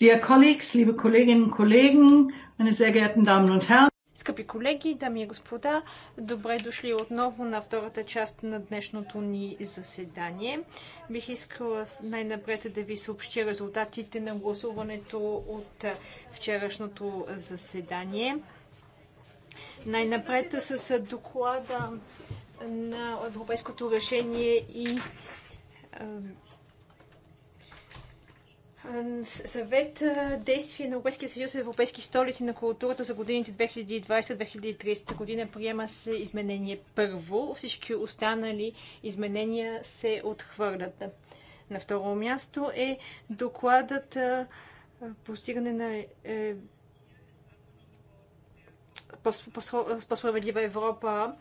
Dear colleagues, liebe Kolleginnen und Kollegen, meine sehr geehrten Damen und Herren, Скъпи колеги, дами и господа, добре дошли отново на втората част на днешното ни заседание. Бих искала най-напред да ви съобщя резултатите на гласуването от вчерашното заседание. Най-напред с доклада на Европейското решение и съвет действие на Европейския съюз и Европейски столици на културата за годините 2020-2030 година приема се изменение първо. Всички останали изменения се отхвърлят. На второ място е докладът постигане на е, по-справедлива Европа.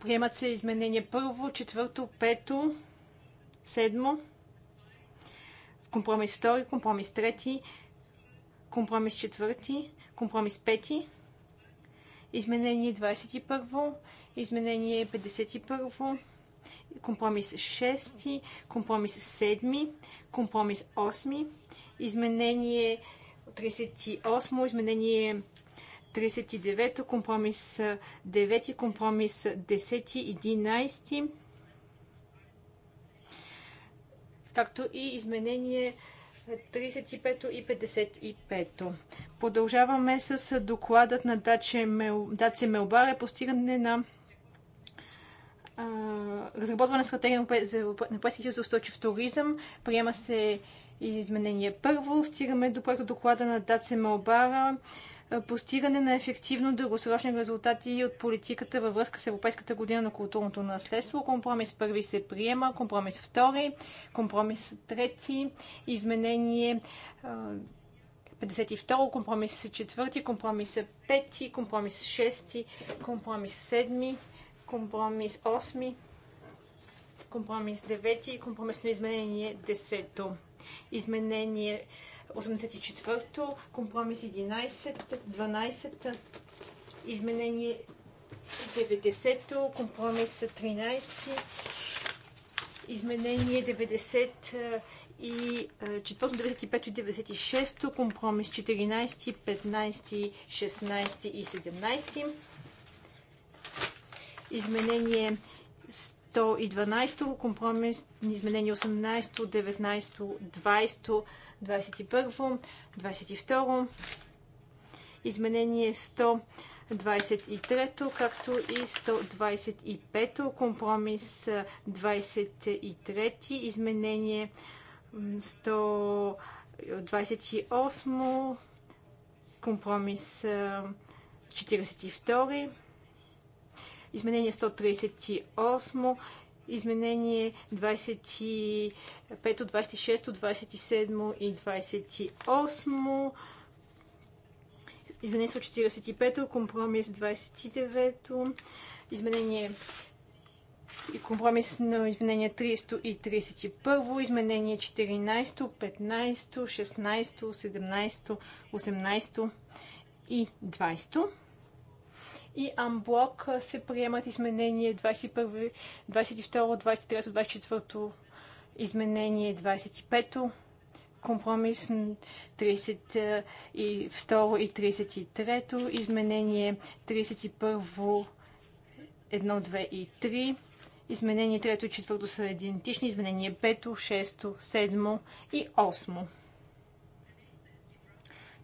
Приемат се изменения първо, четвърто, пето, седмо, компромис втори, компромис трети, компромис четвърти, компромис пети, изменение 21, изменение 51, компромис 6, компромис 7, компромис 8, изменение 38, изменение 39, компромис 9, компромис 10, 11, както и изменение 35 и 55. Продължаваме с докладът на Даче Мелбаре постигане на разработване на стратегия за Европейския съюз за устойчив туризъм. Приема се изменение първо. Стигаме до проекта доклада на Даце Мелбара е, постигане на ефективно дългосрочни резултати от политиката във връзка с Европейската година на културното наследство. Компромис първи се приема, компромис втори, компромис трети, изменение 52, е, компромис 4, компромис 5, компромис 6, компромис 7, компромис 8, компромис 9, компромисно изменение 10. Изменение 84-то, компромис 11, 12, изменение 90-то, компромис 13, изменение 90 и 4, 95 и 96, компромис 14, 15, 16 и 17, изменение 112, компромис изменение 18, 19, 20, 21, 22, изменение 123, както и 125, компромис 23, изменение 128, компромис 42, изменение 138, изменение 25, 26, 27 и 28. Изменение 45, компромис 29, изменение и компромис на изменение 30 и 31, изменение 14, 15, 16, 17, 18 и 20 и Амблок се приемат изменение 21, 22, 23, 24, изменение 25, то компромис 32 и 33, изменение 31, 1, 2 и 3, изменение 3 и 4 са идентични, изменение 5, 6, то 7 и 8.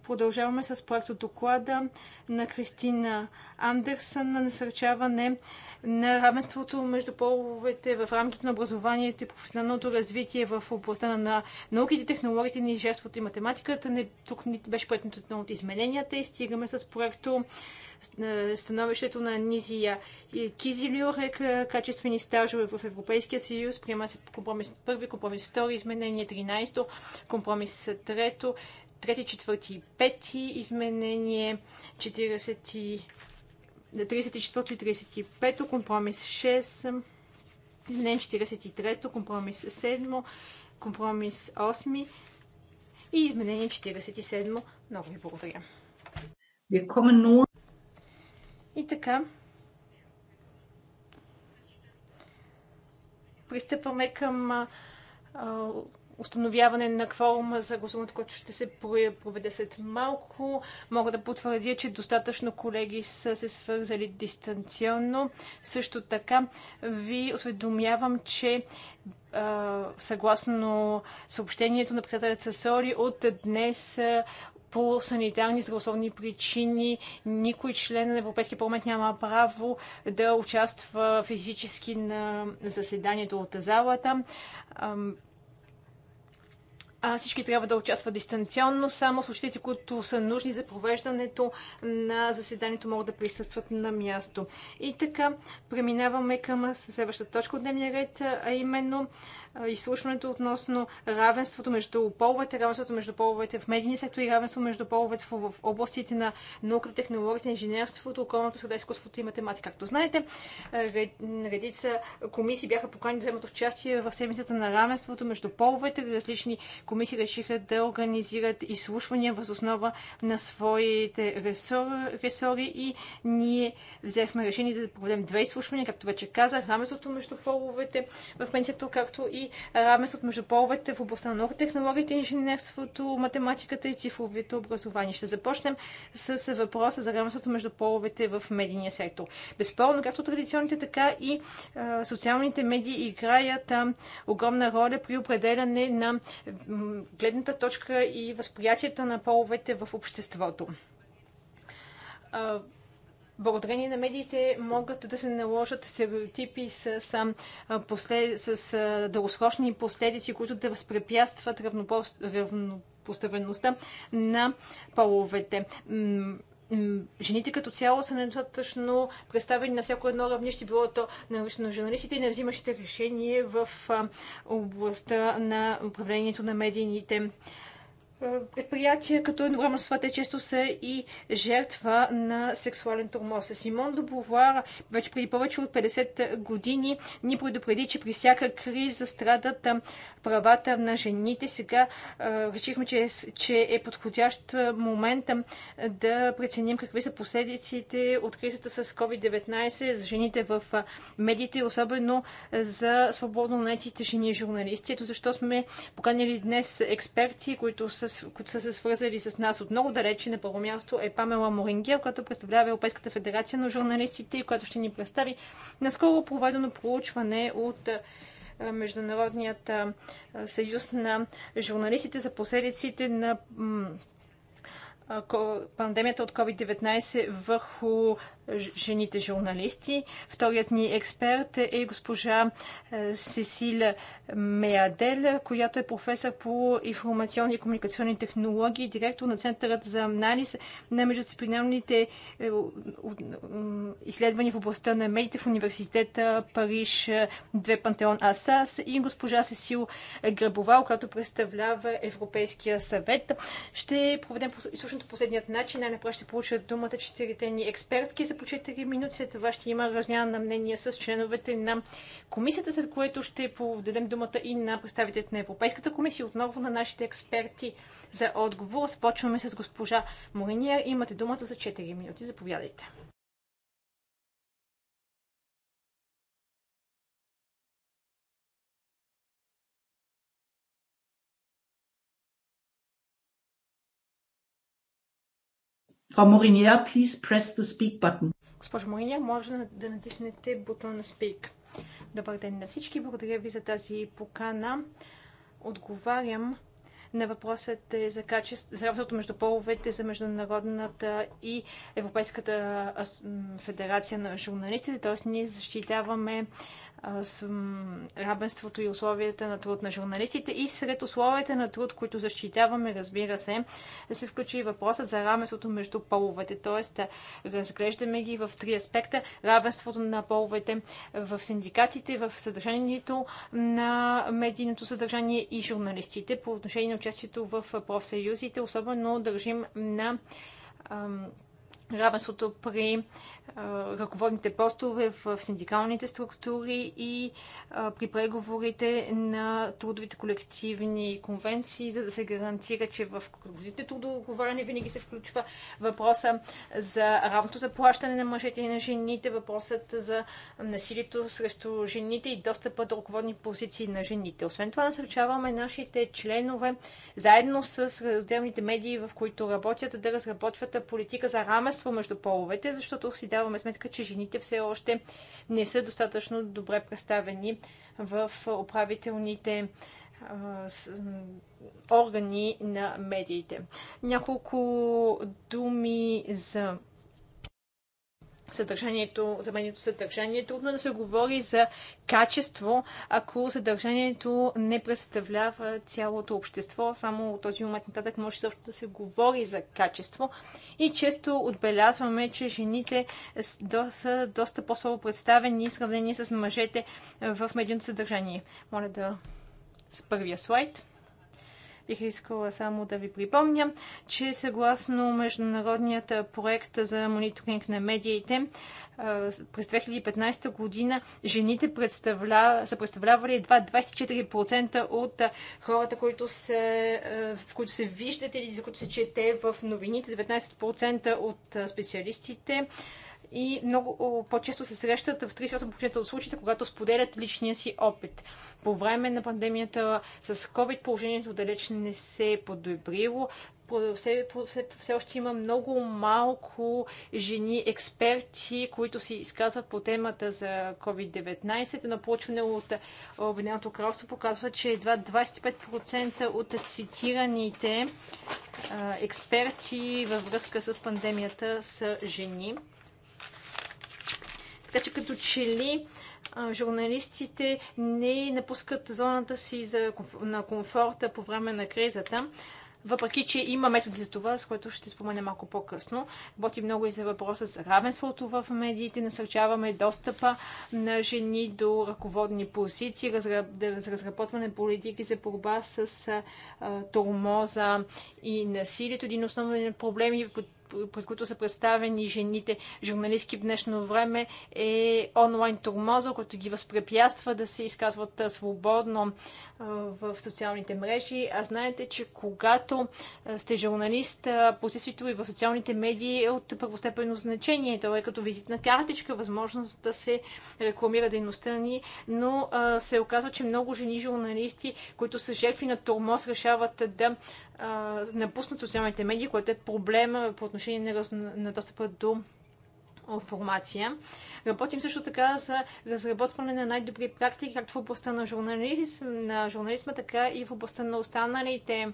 Продължаваме с проекто доклада на Кристина Андерсън на насърчаване на равенството между половете в рамките на образованието и професионалното развитие в областта на науките, технологиите, инженерството и математиката. Не, тук ни беше поетното едно от измененията и стигаме с проекто е, становището на Низия Кизилюрек, е, качествени стажове в Европейския съюз, приема се компромис първи, компромис втори, изменение 13, компромис трето, Трети четвърти и пети изменение, 34 и 35, компромис 6, изменение 43, компромис 7, компромис 8 и изменение 47. Много ви благодаря. И така, пристъпваме към установяване на кворума за гласуването, което ще се проведе след малко. Мога да потвърдя, че достатъчно колеги са се свързали дистанционно. Също така ви осведомявам, че съгласно съобщението на председателят Сасори, от днес по санитарни и здравословни причини никой член на Европейския парламент няма право да участва физически на заседанието от залата а всички трябва да участват дистанционно. Само случаите, които са нужни за провеждането на заседанието, могат да присъстват на място. И така, преминаваме към следващата точка от дневния ред, а именно изслушването относно равенството между половете, равенството между половете в медийния сектор и равенство между половете в областите на наука, технологията, инженерството, околната среда, изкуството и математика. Както знаете, редица комисии бяха поканени да вземат участие в седмицата на равенството между половете. Различни комисии решиха да организират изслушвания въз основа на своите ресори и ние взехме решение да проведем две изслушвания, както вече казах, равенството между половете в медийния сектор, както и и между половете в областта на науката, технологията, инженерството, математиката и цифровите образование. Ще започнем с въпроса за равенството между половете в медийния сектор. Безспорно, както традиционните, така и а, социалните медии играят а, огромна роля при определяне на гледната точка и възприятията на половете в обществото благодарение на медиите могат да се наложат стереотипи с, с, послед... с дългосрочни последици, които да възпрепятстват равнопоставеността на половете жените като цяло са недостатъчно представени на всяко едно равнище, било то на, на журналистите и на взимащите решения в областта на управлението на медийните предприятия като едновременно с това те често са и жертва на сексуален тормоз. Симон Добовар вече преди повече от 50 години ни предупреди, че при всяка криза страдат правата на жените. Сега решихме, че, е, че е подходящ момент да преценим какви са последиците от кризата с COVID-19 за жените в медиите, особено за свободно наетите жени и журналисти. Ето защо сме поканили днес експерти, които са които са се свързали с нас от много далече на първо място е Памела Морингия, която представлява Европейската федерация на журналистите и която ще ни представи наскоро проведено проучване от Международният съюз на журналистите за последиците на пандемията от COVID-19 върху жените журналисти. Вторият ни експерт е госпожа е, Сесиля Меадел, която е професор по информационни и комуникационни технологии, директор на Центърът за анализ на междисциплинарните е, изследвания в областта на медиите в университета Париж 2 е, Пантеон Асас и госпожа Сесил Гребовал, която представлява Европейския съвет. Ще проведем изслушането последният начин. Най-напред ще получат думата четирите ни експертки Пауза по 4 минути. След това ще има размяна на мнение с членовете на комисията, след което ще подадем думата и на представителите на Европейската комисия, отново на нашите експерти за отговор. Спочваме с госпожа Мориния. Имате думата за 4 минути. Заповядайте. Frau Morinier, please press the speak button. Госпожо Мориня, може да натиснете бутона на Speak. Добър ден на всички, благодаря ви за тази покана. Отговарям на въпросът е за, качество, за работата между половете за Международната и Европейската федерация на журналистите, т.е. ние защитаваме с равенството и условията на труд на журналистите и сред условията на труд, които защитаваме, разбира се, да се включи и въпросът за равенството между половете. Тоест, разглеждаме ги в три аспекта. Равенството на половете в синдикатите, в съдържанието на медийното съдържание и журналистите по отношение на участието в профсъюзите. Особено държим на равенството при ръководните постове в синдикалните структури и при преговорите на трудовите колективни конвенции, за да се гарантира, че в трудовите трудоговаряне винаги се включва въпроса за равното заплащане на мъжете и на жените, въпросът за насилието срещу жените и достъпа до ръководни позиции на жените. Освен това, насърчаваме нашите членове, заедно с отделните медии, в които работят, да разработват политика за равенство равенство между половете, защото си даваме сметка, че жените все още не са достатъчно добре представени в управителните органи на медиите. Няколко думи за съдържанието, заменето съдържание. Трудно е да се говори за качество, ако съдържанието не представлява цялото общество. Само от този момент нататък може също да се говори за качество. И често отбелязваме, че жените са доста по-слабо представени в сравнение с мъжете в медийното съдържание. Моля да с първия слайд. Бих искала само да ви припомня, че съгласно международният проект за мониторинг на медиите, през 2015 година жените представля... са представлявали едва 24% от хората, които се, в които се виждат или за които се чете в новините, 19% от специалистите, и много по-често се срещат в 38% от случаите, когато споделят личния си опит. По време на пандемията с COVID положението далеч не се е подобрило. Все, все, все още има много малко жени експерти, които си изказват по темата за COVID-19. На получване от е, Обединеното кралство показва, че едва 25% от цитираните а, е, експерти във връзка с пандемията са жени. Така че като че ли журналистите не напускат зоната си за, на комфорта по време на кризата. Въпреки, че има методи за това, с което ще спомена малко по-късно. Работи много и за въпроса за равенството в медиите. Насърчаваме достъпа на жени до ръководни позиции, разра... разработване политики за борба с а, тормоза и насилието. Един основен проблем, пред които са представени жените журналистки в днешно време, е онлайн турмоза, който ги възпрепятства да се изказват свободно в социалните мрежи. А знаете, че когато сте журналист, посетството и в социалните медии е от първостепенно значение. То е като визитна картичка, възможност да се рекламира дейността ни, но се оказва, че много жени журналисти, които са жертви на тормоз, решават да напуснат социалните медии, което е проблем по отношение на, на достъпа до формация. Работим също така за разработване на най-добри практики, както в областта на, журналист, на журнализма, така и в областта на останалите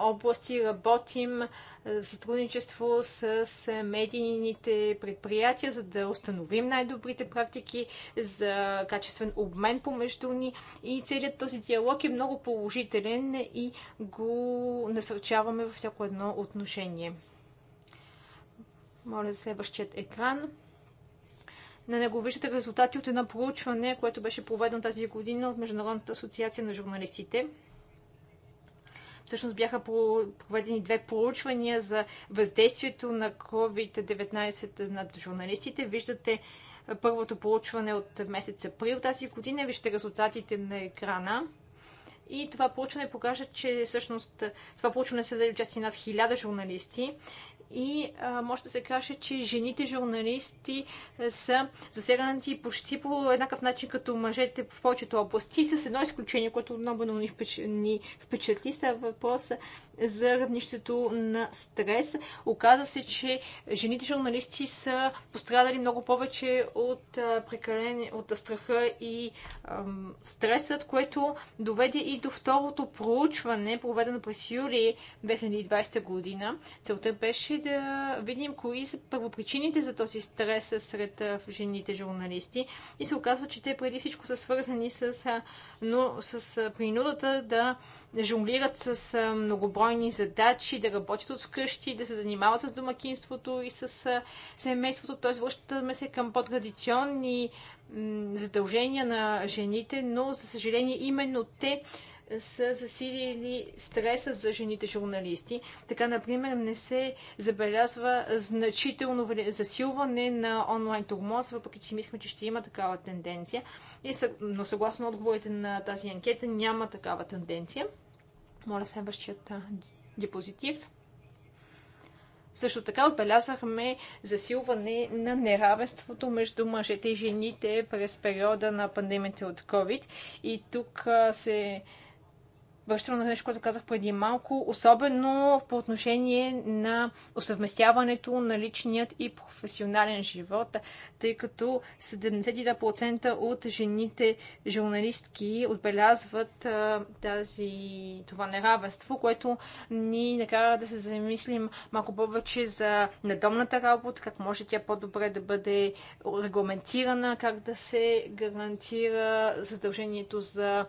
области работим в сътрудничество с медийните предприятия, за да установим най-добрите практики за качествен обмен помежду ни и целият този диалог е много положителен и го насърчаваме във всяко едно отношение. Моля за следващият екран. На него виждате резултати от едно проучване, което беше проведено тази година от Международната асоциация на журналистите. Всъщност бяха проведени две проучвания за въздействието на COVID-19 над журналистите. Виждате първото проучване от месец април тази година. Виждате резултатите на екрана. И това проучване покажа, че всъщност това проучване се взели участие над 1000 журналисти и а, може да се каже, че жените журналисти са засегнати почти по еднакъв начин като мъжете в повечето области, с едно изключение, което много ни, впеч... ни впечатли, става въпроса за равнището на стрес. Оказа се, че жените журналисти са пострадали много повече от, а, прекален... от страха и ам, стресът, което доведе и до второто проучване, проведено през юли 2020 година. Целта беше да видим кои са първопричините за този стрес сред жените журналисти. И се оказва, че те преди всичко са свързани с, но, с принудата да жонглират с многобройни задачи, да работят от вкъщи, да се занимават с домакинството и с семейството. Т.е. връщаме се към по-традиционни задължения на жените, но за съжаление именно те са засилили стреса за жените журналисти. Така, например, не се забелязва значително засилване на онлайн турмоз, въпреки че си мислихме, че ще има такава тенденция. но съгласно отговорите на тази анкета няма такава тенденция. Моля следващият диапозитив. Също така отбелязахме засилване на неравенството между мъжете и жените през периода на пандемията от COVID. И тук се връщам на нещо, което казах преди малко, особено по отношение на осъвместяването на личният и професионален живот, тъй като 72% от жените журналистки отбелязват а, тази, това неравенство, което ни накара да се замислим малко повече за надомната работа, как може тя по-добре да бъде регламентирана, как да се гарантира задължението за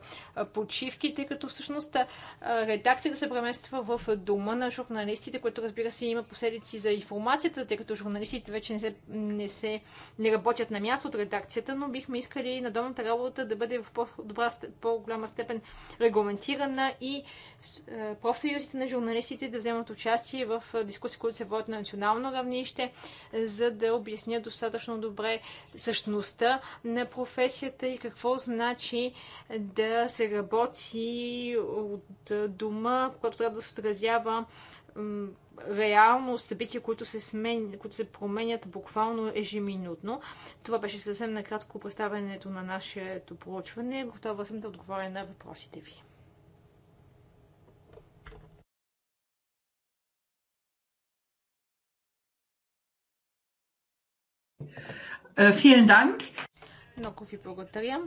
почивки, тъй като всъщност всъщност редакцията се премества в дома на журналистите, което разбира се има последици за информацията, тъй като журналистите вече не се, не се не работят на място от редакцията, но бихме искали домната работа да бъде в по-добра, по-голяма степен регламентирана и профсъюзите на журналистите да вземат участие в дискусии, които се водят на национално равнище, за да обяснят достатъчно добре същността на професията и какво значи да се работи от е, дома, когато трябва да се отразява реално събития, които се, смен... които се променят буквално ежеминутно. Това беше съвсем накратко представянето на нашето проучване. Готова съм да отговоря на въпросите ви. Е, Много ви благодаря.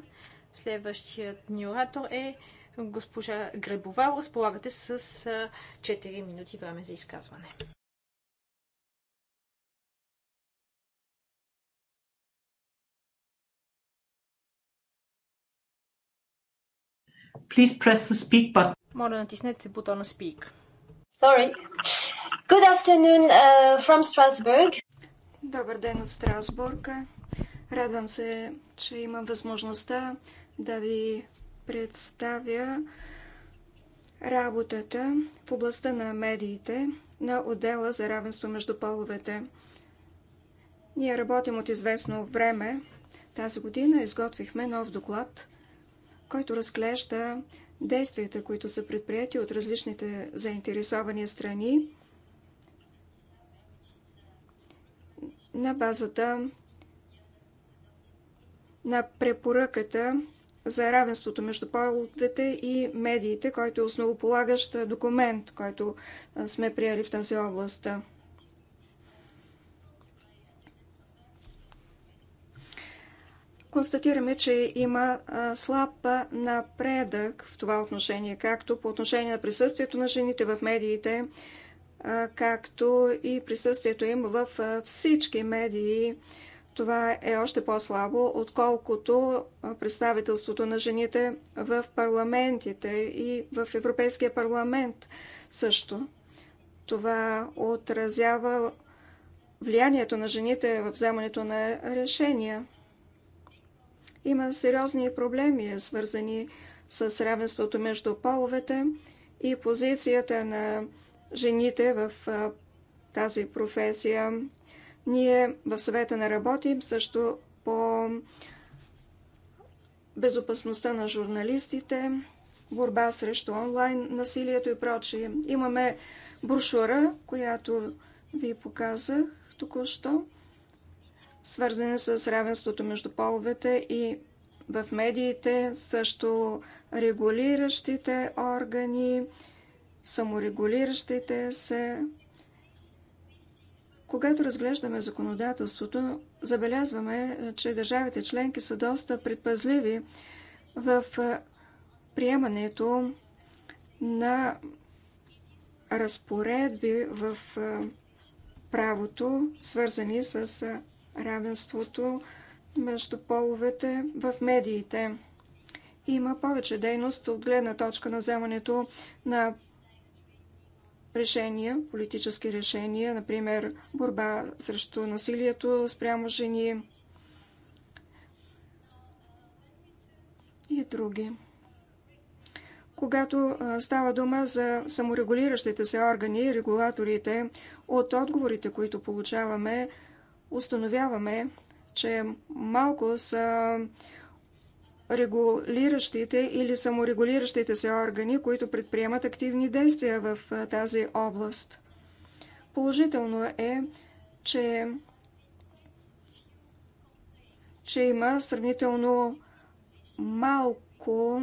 Следващият ни оратор е госпожа Гребова. Разполагате с 4 минути време за изказване. Please press the speak button. Моля, натиснете бутона speak. Sorry. Good afternoon uh, from Strasbourg. Добър ден от Страсбург. Радвам се, че имам възможността да ви представя работата в областта на медиите на отдела за равенство между половете. Ние работим от известно време. Тази година изготвихме нов доклад, който разглежда действията, които са предприяти от различните заинтересовани страни на базата на препоръката за равенството между половете и медиите, който е основополагащ документ, който сме приели в тази област. Констатираме, че има слаб напредък в това отношение, както по отношение на присъствието на жените в медиите, както и присъствието им в всички медии, това е още по-слабо, отколкото представителството на жените в парламентите и в Европейския парламент също. Това отразява влиянието на жените в вземането на решения. Има сериозни проблеми, свързани с равенството между половете и позицията на жените в тази професия ние в съвета не работим също по безопасността на журналистите, борба срещу онлайн насилието и прочие. Имаме брошура, която ви показах току-що, свързана с равенството между половете и в медиите, също регулиращите органи, саморегулиращите се когато разглеждаме законодателството, забелязваме, е, че държавите членки са доста предпазливи в е, приемането на разпоредби в е, правото, свързани с равенството между половете в медиите. Има повече дейност от гледна точка на вземането на решения, политически решения, например борба срещу насилието спрямо жени и други. Когато става дума за саморегулиращите се органи, регулаторите, от отговорите, които получаваме, установяваме, че малко са регулиращите или саморегулиращите се органи, които предприемат активни действия в тази област. Положително е, че, че има сравнително малко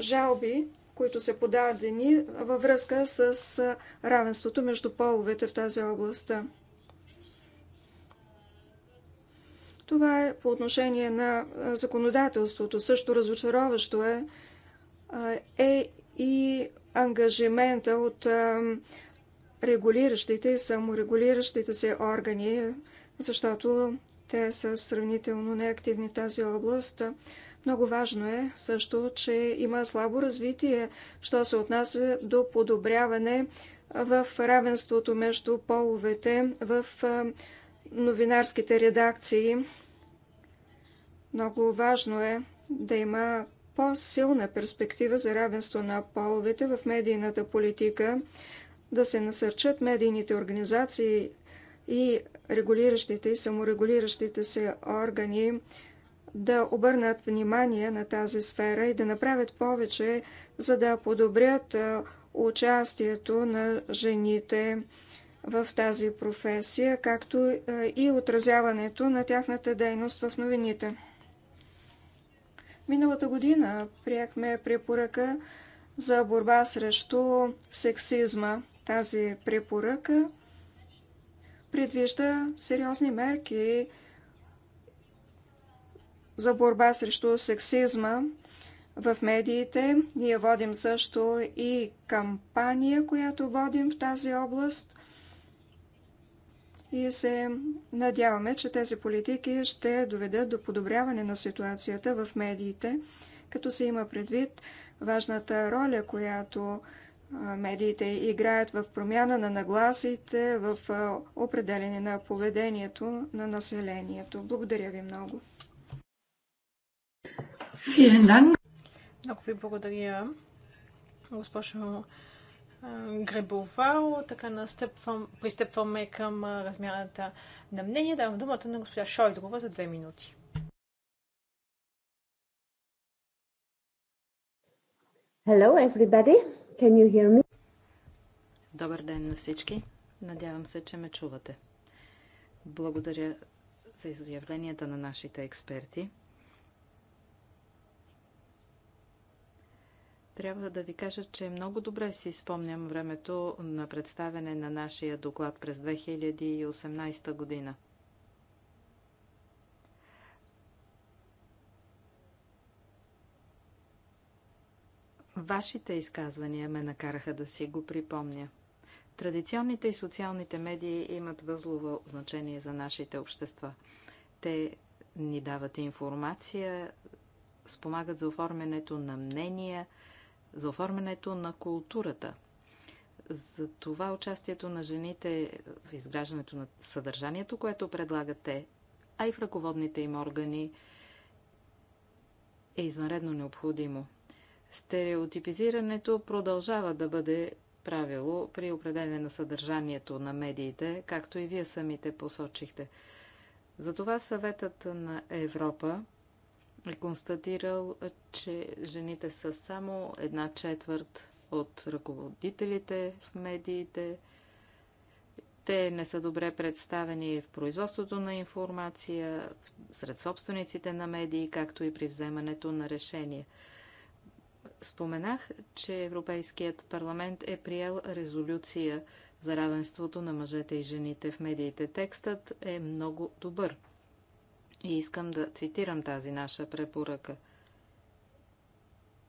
жалби, които са подадени във връзка с равенството между половете в тази област. Това е по отношение на законодателството. Също разочароващо е, е и ангажимента от регулиращите и саморегулиращите се органи, защото те са сравнително неактивни в тази област. Много важно е също, че има слабо развитие, що се отнася до подобряване в равенството между половете в новинарските редакции. Много важно е да има по-силна перспектива за равенство на половете в медийната политика, да се насърчат медийните организации и регулиращите и саморегулиращите се органи да обърнат внимание на тази сфера и да направят повече, за да подобрят участието на жените в тази професия, както е, и отразяването на тяхната дейност в новините. Миналата година приехме препоръка за борба срещу сексизма. Тази препоръка предвижда сериозни мерки за борба срещу сексизма в медиите. Ние водим също и кампания, която водим в тази област и се надяваме, че тези политики ще доведат до подобряване на ситуацията в медиите, като се има предвид важната роля, която медиите играят в промяна на нагласите, в определене на поведението на населението. Благодаря ви много. Много ви благодаря, госпожо Гребовал. Така настъпвам, пристъпваме към размяната на мнение. Давам думата на госпожа Шойдрова за две минути. Hello everybody, can you hear me? Добър ден на всички. Надявам се, че ме чувате. Благодаря за изявленията на нашите експерти. Трябва да ви кажа, че много добре си спомням времето на представене на нашия доклад през 2018 година. Вашите изказвания ме накараха да си го припомня. Традиционните и социалните медии имат възлово значение за нашите общества. Те ни дават информация, спомагат за оформянето на мнения, за оформянето на културата. За това участието на жените в изграждането на съдържанието, което предлагат те, а и в ръководните им органи, е извънредно необходимо. Стереотипизирането продължава да бъде правило при определене на съдържанието на медиите, както и вие самите посочихте. Затова съветът на Европа е констатирал, че жените са само една четвърт от ръководителите в медиите. Те не са добре представени в производството на информация, сред собствениците на медии, както и при вземането на решения. Споменах, че Европейският парламент е приел резолюция за равенството на мъжете и жените в медиите. Текстът е много добър. И искам да цитирам тази наша препоръка.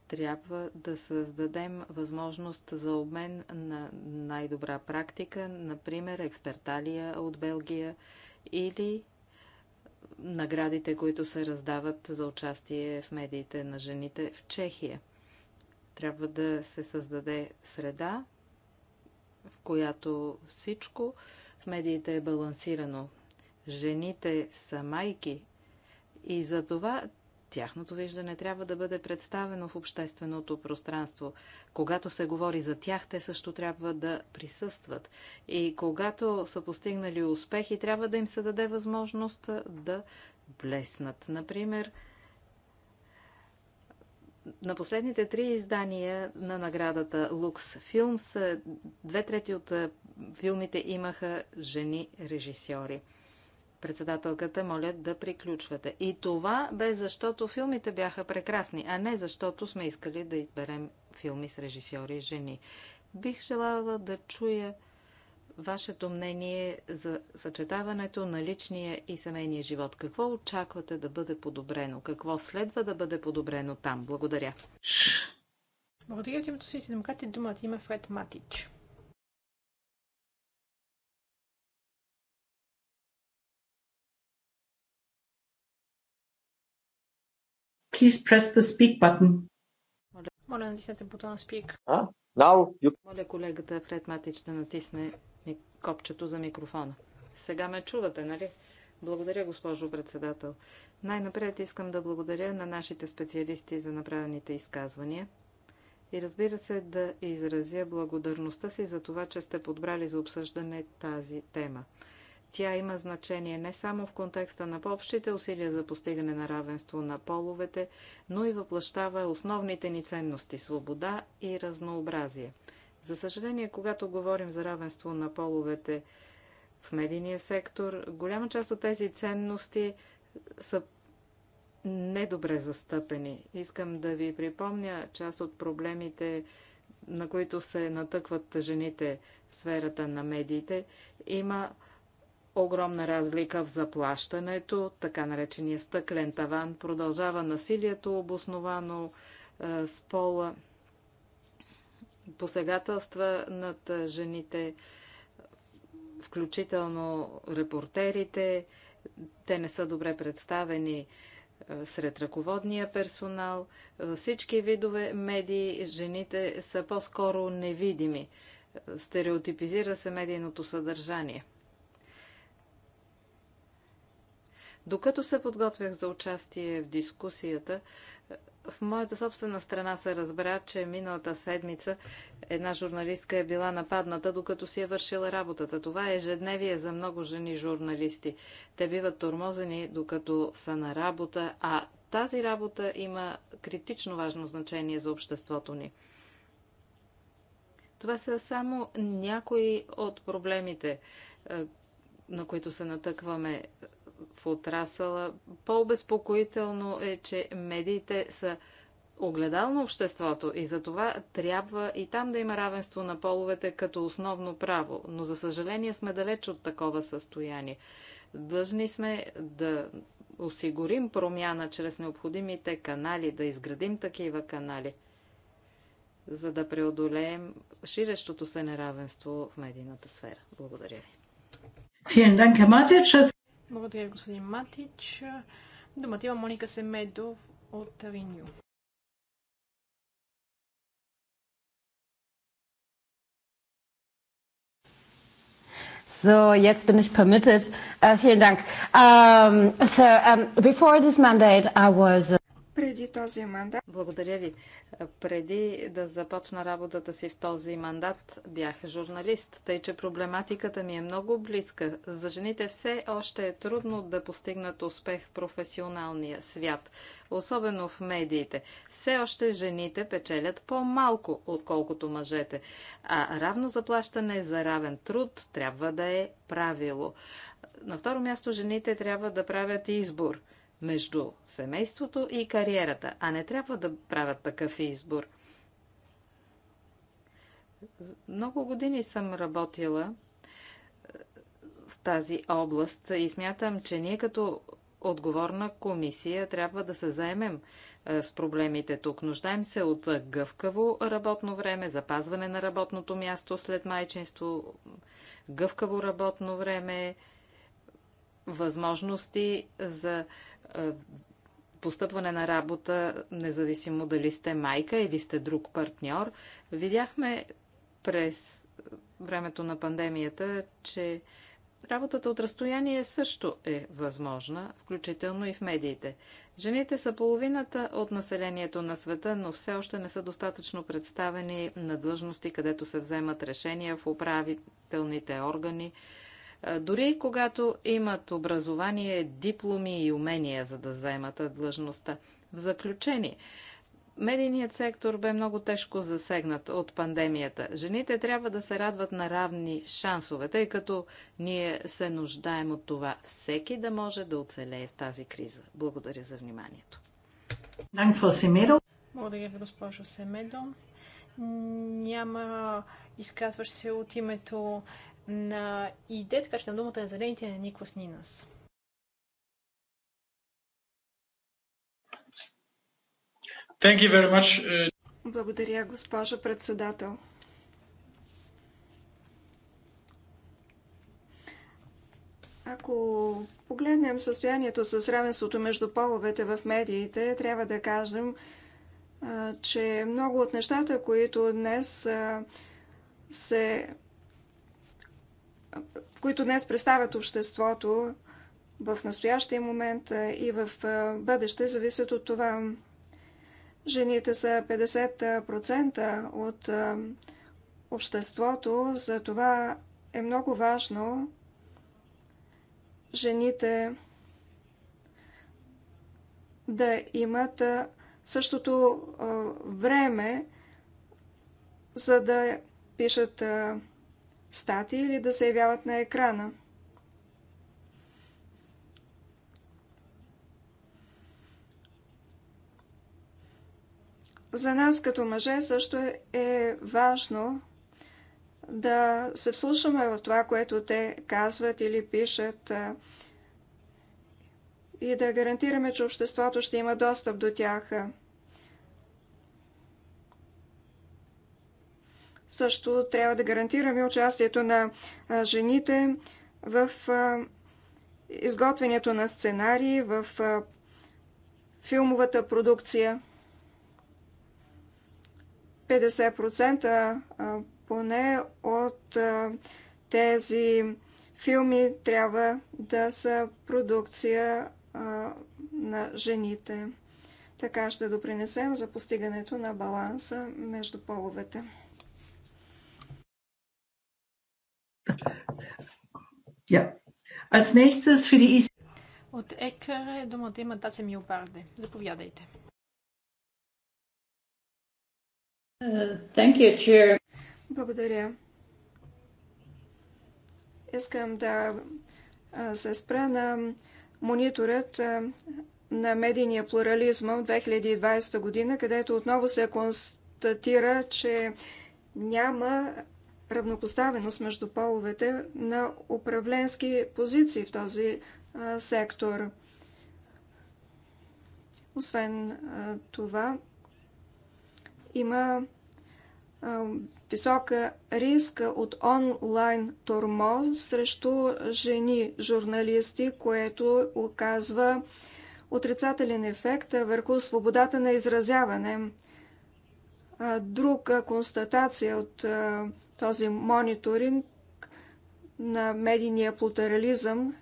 Трябва да създадем възможност за обмен на най-добра практика, например експерталия от Белгия или наградите, които се раздават за участие в медиите на жените в Чехия. Трябва да се създаде среда, в която всичко в медиите е балансирано. Жените са майки и за това тяхното виждане трябва да бъде представено в общественото пространство. Когато се говори за тях, те също трябва да присъстват. И когато са постигнали успехи, трябва да им се даде възможност да блеснат. Например, на последните три издания на наградата Lux Films, две трети от филмите имаха жени режисьори. Председателката моля да приключвате. И това бе защото филмите бяха прекрасни, а не защото сме искали да изберем филми с режисьори и жени. Бих желала да чуя вашето мнение за съчетаването на личния и семейния живот. Какво очаквате да бъде подобрено? Какво следва да бъде подобрено там? Благодаря. Благодаря от името си демократи думата има Фред Матич. please press the speak button. Моля, натиснете бутона speak. А? Now you... Моля колегата Фред Матич да натисне копчето за микрофона. Сега ме чувате, нали? Благодаря, госпожо председател. Най-напред искам да благодаря на нашите специалисти за направените изказвания. И разбира се, да изразя благодарността си за това, че сте подбрали за обсъждане тази тема. Тя има значение не само в контекста на общите усилия за постигане на равенство на половете, но и въплащава основните ни ценности – свобода и разнообразие. За съжаление, когато говорим за равенство на половете в медийния сектор, голяма част от тези ценности са недобре застъпени. Искам да ви припомня част от проблемите, на които се натъкват жените в сферата на медиите. Има огромна разлика в заплащането, така наречения стъклен таван, продължава насилието, обосновано с пола, посегателства над жените, включително репортерите, те не са добре представени сред ръководния персонал, всички видове медии, жените са по-скоро невидими. Стереотипизира се медийното съдържание – Докато се подготвях за участие в дискусията, в моята собствена страна се разбра, че миналата седмица една журналистка е била нападната, докато си е вършила работата. Това е ежедневие за много жени журналисти. Те биват тормозени, докато са на работа, а тази работа има критично важно значение за обществото ни. Това са само някои от проблемите, е, на които се натъкваме в отрасъла. По-обезпокоително е, че медиите са огледал на обществото и за това трябва и там да има равенство на половете като основно право. Но за съжаление сме далеч от такова състояние. Дължни сме да осигурим промяна чрез необходимите канали, да изградим такива канали, за да преодолеем ширещото се неравенство в медийната сфера. Благодаря ви. Благодаря, господин Матич. Думата има Моника Семедов от Риню. So, jetzt bin ich permitted. Uh, vielen Dank. Um, so, um, before this mandate, I was. Uh преди този мандат. Благодаря ви. Преди да започна работата си в този мандат, бях журналист, тъй че проблематиката ми е много близка. За жените все още е трудно да постигнат успех в професионалния свят, особено в медиите. Все още жените печелят по-малко, отколкото мъжете. А равно заплащане за равен труд трябва да е правило. На второ място жените трябва да правят избор – между семейството и кариерата, а не трябва да правят такъв избор. Много години съм работила е, в тази област и смятам, че ние като отговорна комисия трябва да се заемем е, с проблемите тук. Нуждаем се от гъвкаво работно време, запазване на работното място след майчинство, гъвкаво работно време, възможности за е, постъпване на работа, независимо дали сте майка или сте друг партньор. Видяхме през времето на пандемията, че работата от разстояние също е възможна, включително и в медиите. Жените са половината от населението на света, но все още не са достатъчно представени на длъжности, където се вземат решения в управителните органи, дори когато имат образование, дипломи и умения, за да заемат длъжността. В заключение, Медийният сектор бе много тежко засегнат от пандемията. Жените трябва да се радват на равни шансове, тъй като ние се нуждаем от това всеки да може да оцелее в тази криза. Благодаря за вниманието. Благодаря ви, госпожо Семедо. Няма изказващ се от името на ИДЕ, така че на думата на зелените на Никос Нинас. Thank you very much. Uh, Благодаря, госпожа председател. Ако погледнем състоянието с равенството между половете в медиите, трябва да кажем, че много от нещата, които днес се които днес представят обществото в настоящия момент и в бъдеще, зависят от това. Жените са 50% от обществото, за това е много важно жените да имат същото време, за да пишат статии или да се явяват на екрана. За нас като мъже също е, е важно да се вслушаме в това, което те казват или пишат и да гарантираме, че обществото ще има достъп до тях. Също трябва да гарантираме участието на жените в изготвянето на сценарии, в филмовата продукция. 50% поне от тези филми трябва да са продукция на жените. Така ще допринесем за постигането на баланса между половете. Ja. Als nächstes für die От ЕКР думата има Даце Милбарде. Заповядайте. Uh, thank you, chair. Благодаря. Искам да се спра на мониторът на медийния плурализъм в 2020 година, където отново се констатира, че няма равнопоставеност между половете на управленски позиции в този сектор. Освен това, има висока риск от онлайн тормоз срещу жени журналисти, което оказва отрицателен ефект върху свободата на изразяване друга констатация от този мониторинг на медийния плутерализъм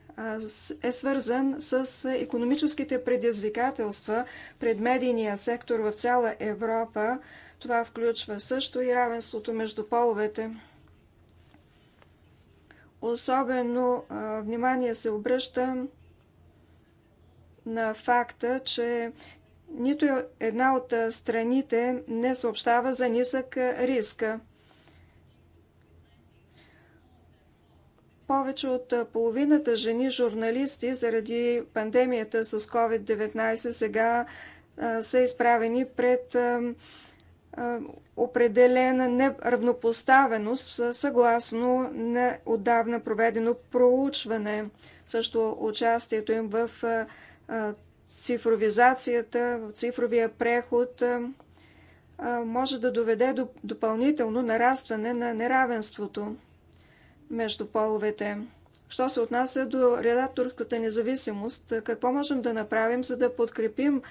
е свързан с економическите предизвикателства пред медийния сектор в цяла Европа. Това включва също и равенството между половете. Особено внимание се обръща на факта, че нито една от страните не съобщава за нисък риск. Повече от половината жени журналисти заради пандемията с COVID-19 сега са изправени пред определена неравнопоставеност съгласно на отдавна проведено проучване. Също участието им в цифровизацията, цифровия преход може да доведе до допълнително нарастване на неравенството между половете. Що се отнася до редакторската независимост, какво можем да направим, за да подкрепим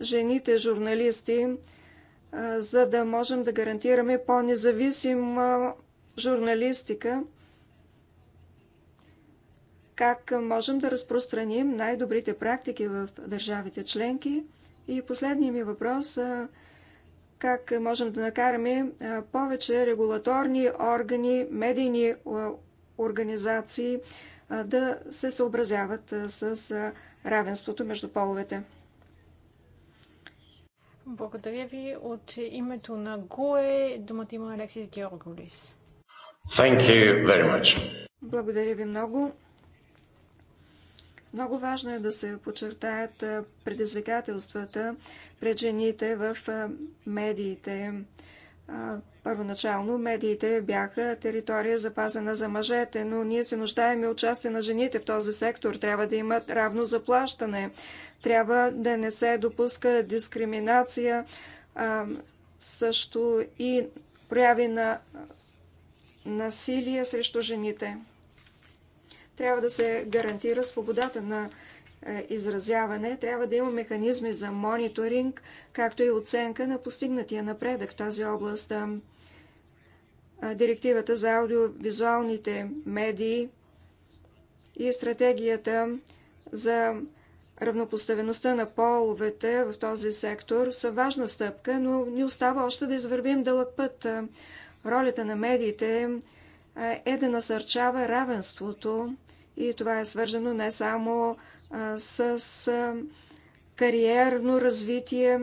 жените журналисти, за да можем да гарантираме по-независима журналистика как можем да разпространим най-добрите практики в държавите членки. И последният ми въпрос как можем да накараме повече регулаторни органи, медийни организации да се съобразяват с равенството между половете. Благодаря ви. От името на ГУЕ думата има Алексис Георголис. Благодаря ви много. Много важно е да се подчертаят предизвикателствата пред жените в медиите. Първоначално медиите бяха територия запазена за мъжете, но ние се нуждаем и участие на жените в този сектор. Трябва да имат равно заплащане, трябва да не се допуска дискриминация, също и прояви на насилие срещу жените трябва да се гарантира свободата на е, изразяване, трябва да има механизми за мониторинг, както и оценка на постигнатия напредък в тази област. Е, директивата за аудиовизуалните медии и стратегията за равнопоставеността на половете в този сектор са важна стъпка, но ни остава още да извървим дълъг път. Е, ролята на медиите е да насърчава равенството и това е свързано не само с кариерно развитие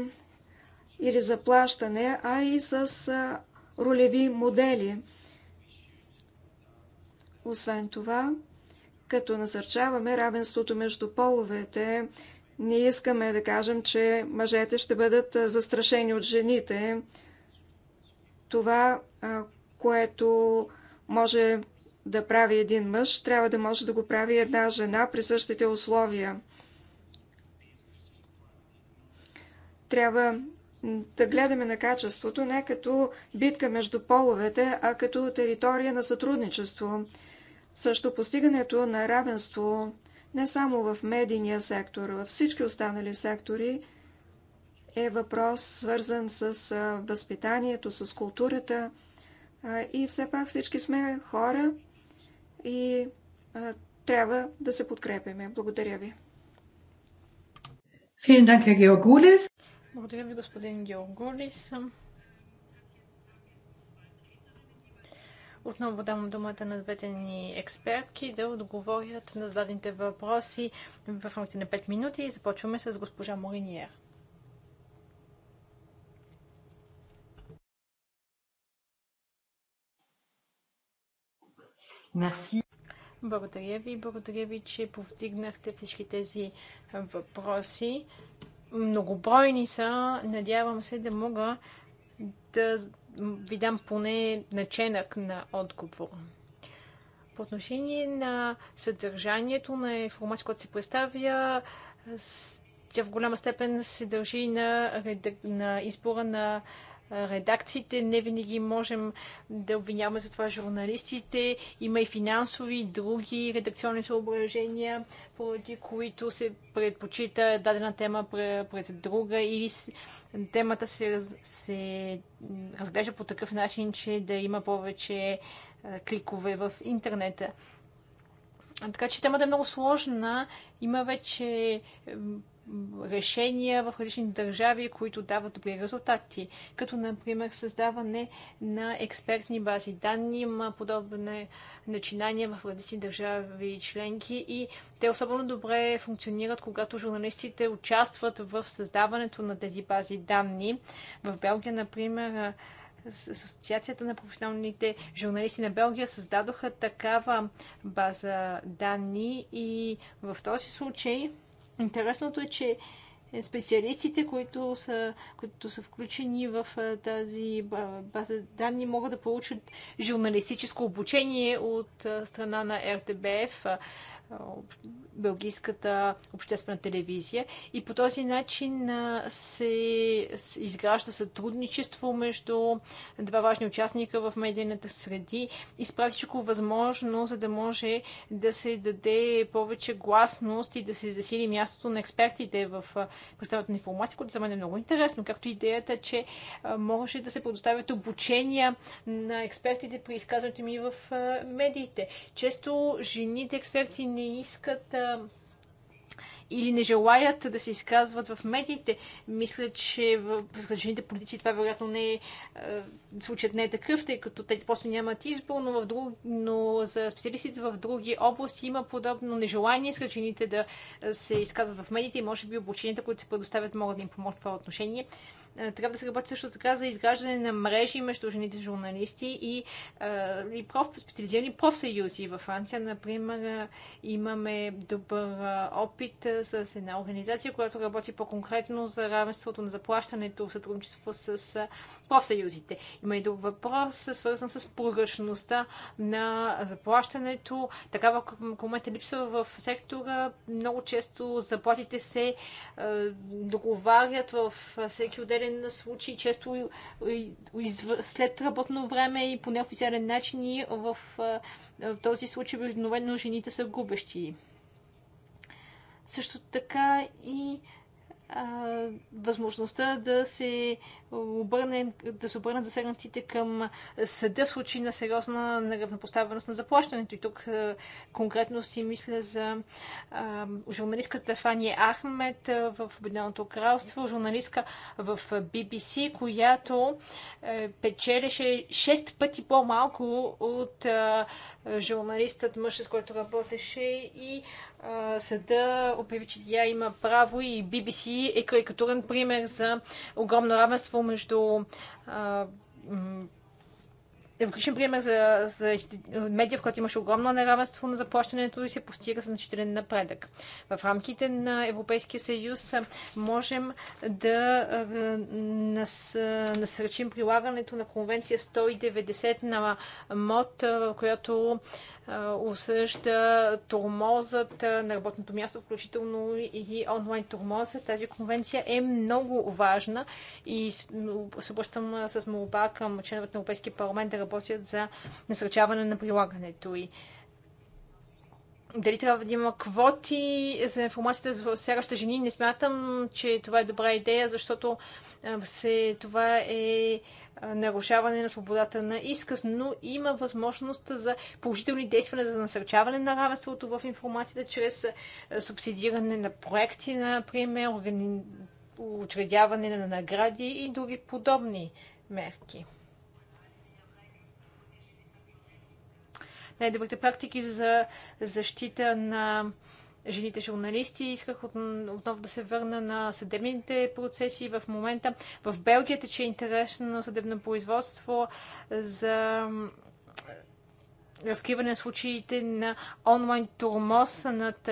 или заплащане, а и с ролеви модели. Освен това, като насърчаваме равенството между половете, не искаме да кажем, че мъжете ще бъдат застрашени от жените. Това, което може да прави един мъж, трябва да може да го прави една жена при същите условия. Трябва да гледаме на качеството не като битка между половете, а като територия на сътрудничество. Също постигането на равенство не само в медийния сектор, във всички останали сектори е въпрос свързан с възпитанието, с културата. И все пак всички сме хора, и а, трябва да се подкрепяме. Благодаря ви. Благодаря ви, господин Георгулис. Отново давам думата на двете ни експертки да отговорят на зададените въпроси в рамките на 5 минути. Започваме с госпожа Мориниер. Merci. Благодаря ви. Благодаря ви, че повдигнахте всички тези въпроси. Многобройни са. Надявам се да мога да ви дам поне наченък на отговор. По отношение на съдържанието на информация, която се представя, тя в голяма степен се дължи на, на избора на редакциите. Не винаги можем да обвиняваме за това журналистите. Има и финансови, и други редакционни съображения, поради които се предпочита дадена тема пред друга или темата се, се разглежда по такъв начин, че да има повече е, кликове в интернета. Така че темата е много сложна. Има вече решения в различни държави, които дават добри резултати, като например създаване на експертни бази данни. Има подобни начинания в различни държави и членки и те особено добре функционират, когато журналистите участват в създаването на тези бази данни. В Белгия, например, Асоциацията на професионалните журналисти на Белгия създадоха такава база данни и в този случай Интересното е, че специалистите, които са, които са включени в тази база данни, могат да получат журналистическо обучение от страна на РТБФ. Белгийската обществена телевизия и по този начин се изгражда сътрудничество между два важни участника в медийната среди и справи всичко възможно, за да може да се даде повече гласност и да се засили мястото на експертите в представената информация, което за мен е много интересно, както идеята, че може да се предоставят обучения на експертите при изказването ми в медиите. Често жените експерти не не искат или не желаят да се изказват в медиите. Мисля, че в различните политици това вероятно не е, случат не е такъв, тъй като те просто нямат избор, но, в друг, но за специалистите в други области има подобно нежелание сръчените да се изказват в медиите и може би обученията, които се предоставят, могат да им помогнат в това отношение. Е, трябва да се работи също така за изграждане на мрежи между жените журналисти и, е, и проф, специализирани профсъюзи. Във Франция, например, е, имаме добър опит с една организация, която работи по-конкретно за равенството на заплащането в сътрудничество с профсъюзите. Има и друг въпрос, свързан с прозрачността на заплащането. Такава момента липсва в сектора. Много често заплатите се договарят в всеки отделен специфичен случай, често след работно време и по неофициален начин и в, този случай обикновено жените са губещи. Също така и възможността да се, обърнем, да се обърнат засегнатите към съда в случай на сериозна неравнопоставеност на заплащането. И тук конкретно си мисля за журналистката Фани Ахмед в Обединеното кралство, журналистка в BBC, която е, печелеше 6 пъти по-малко от журналистът мъж, с който работеше и съда обяви, че тя има право и BBC е карикатурен пример за огромно равенство между е пример за, за медия, в която имаше огромно неравенство на заплащането и се постига значителен напредък. В рамките на Европейския съюз можем да нас, насръчим прилагането на конвенция 190 на МОД, в която осъжда тормозът на работното място, включително и онлайн тормоза. Тази конвенция е много важна и се обръщам с молба към членовете на Европейския парламент да работят за насърчаване на прилагането й дали трябва да има квоти за информацията за сягаща жени. Не смятам, че това е добра идея, защото се, това е нарушаване на свободата на изказ, но има възможност за положителни действия за насърчаване на равенството в информацията чрез субсидиране на проекти, например, учредяване на награди и други подобни мерки. най-добрите практики за защита на жените журналисти. Исках от, отново да се върна на съдебните процеси. В момента в Белгия тече интересно съдебно производство за разкриване на случаите на онлайн турмоз над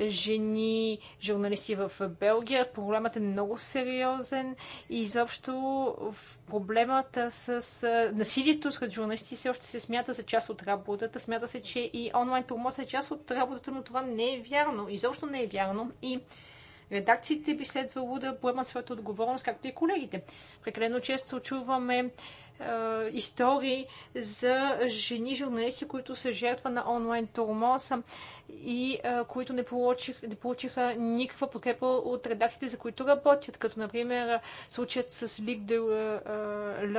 жени журналисти в Белгия. Проблемът е много сериозен и изобщо в проблемата с насилието сред журналисти все още се смята за част от работата. Смята се, че и онлайн турмоз е част от работата, но това не е вярно. Изобщо не е вярно и редакциите би следвало да поемат своята отговорност, както и колегите. Прекалено често чуваме е, истории за жени журналисти, които са жертва на онлайн тормоз и а, които не, получих, не получиха никаква подкрепа от редакциите, за които работят, като например случаят с Лиг де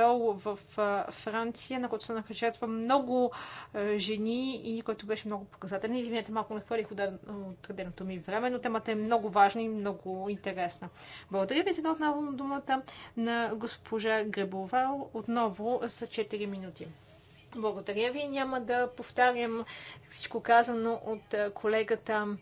Лоу в а, Франция, на който се нахажатва много а, жени и който беше много показателен. Извинете, малко не от отреденото ми време, но темата е много важна и много интересна. Благодаря ви сега отново думата на госпожа Гребовал отново за 4 минути. Благодаря ви. Няма да повтарям всичко казано от колегата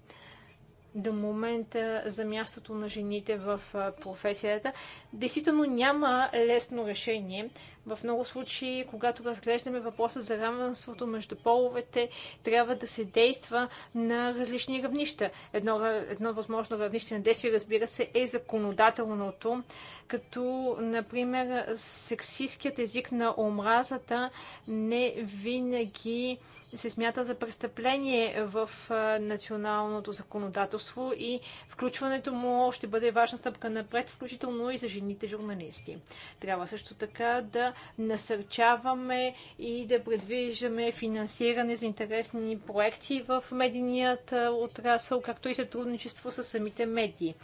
до момента за мястото на жените в професията. Действително няма лесно решение. В много случаи, когато разглеждаме въпроса за равенството между половете, трябва да се действа на различни равнища. Едно, едно възможно равнище на действие, разбира се, е законодателното, като, например, сексистският език на омразата не винаги се смята за престъпление в националното законодателство и включването му ще бъде важна стъпка напред, включително и за жените журналисти. Трябва също така да насърчаваме и да предвиждаме финансиране за интересни проекти в медийният отрасъл, както и сътрудничество с самите медии.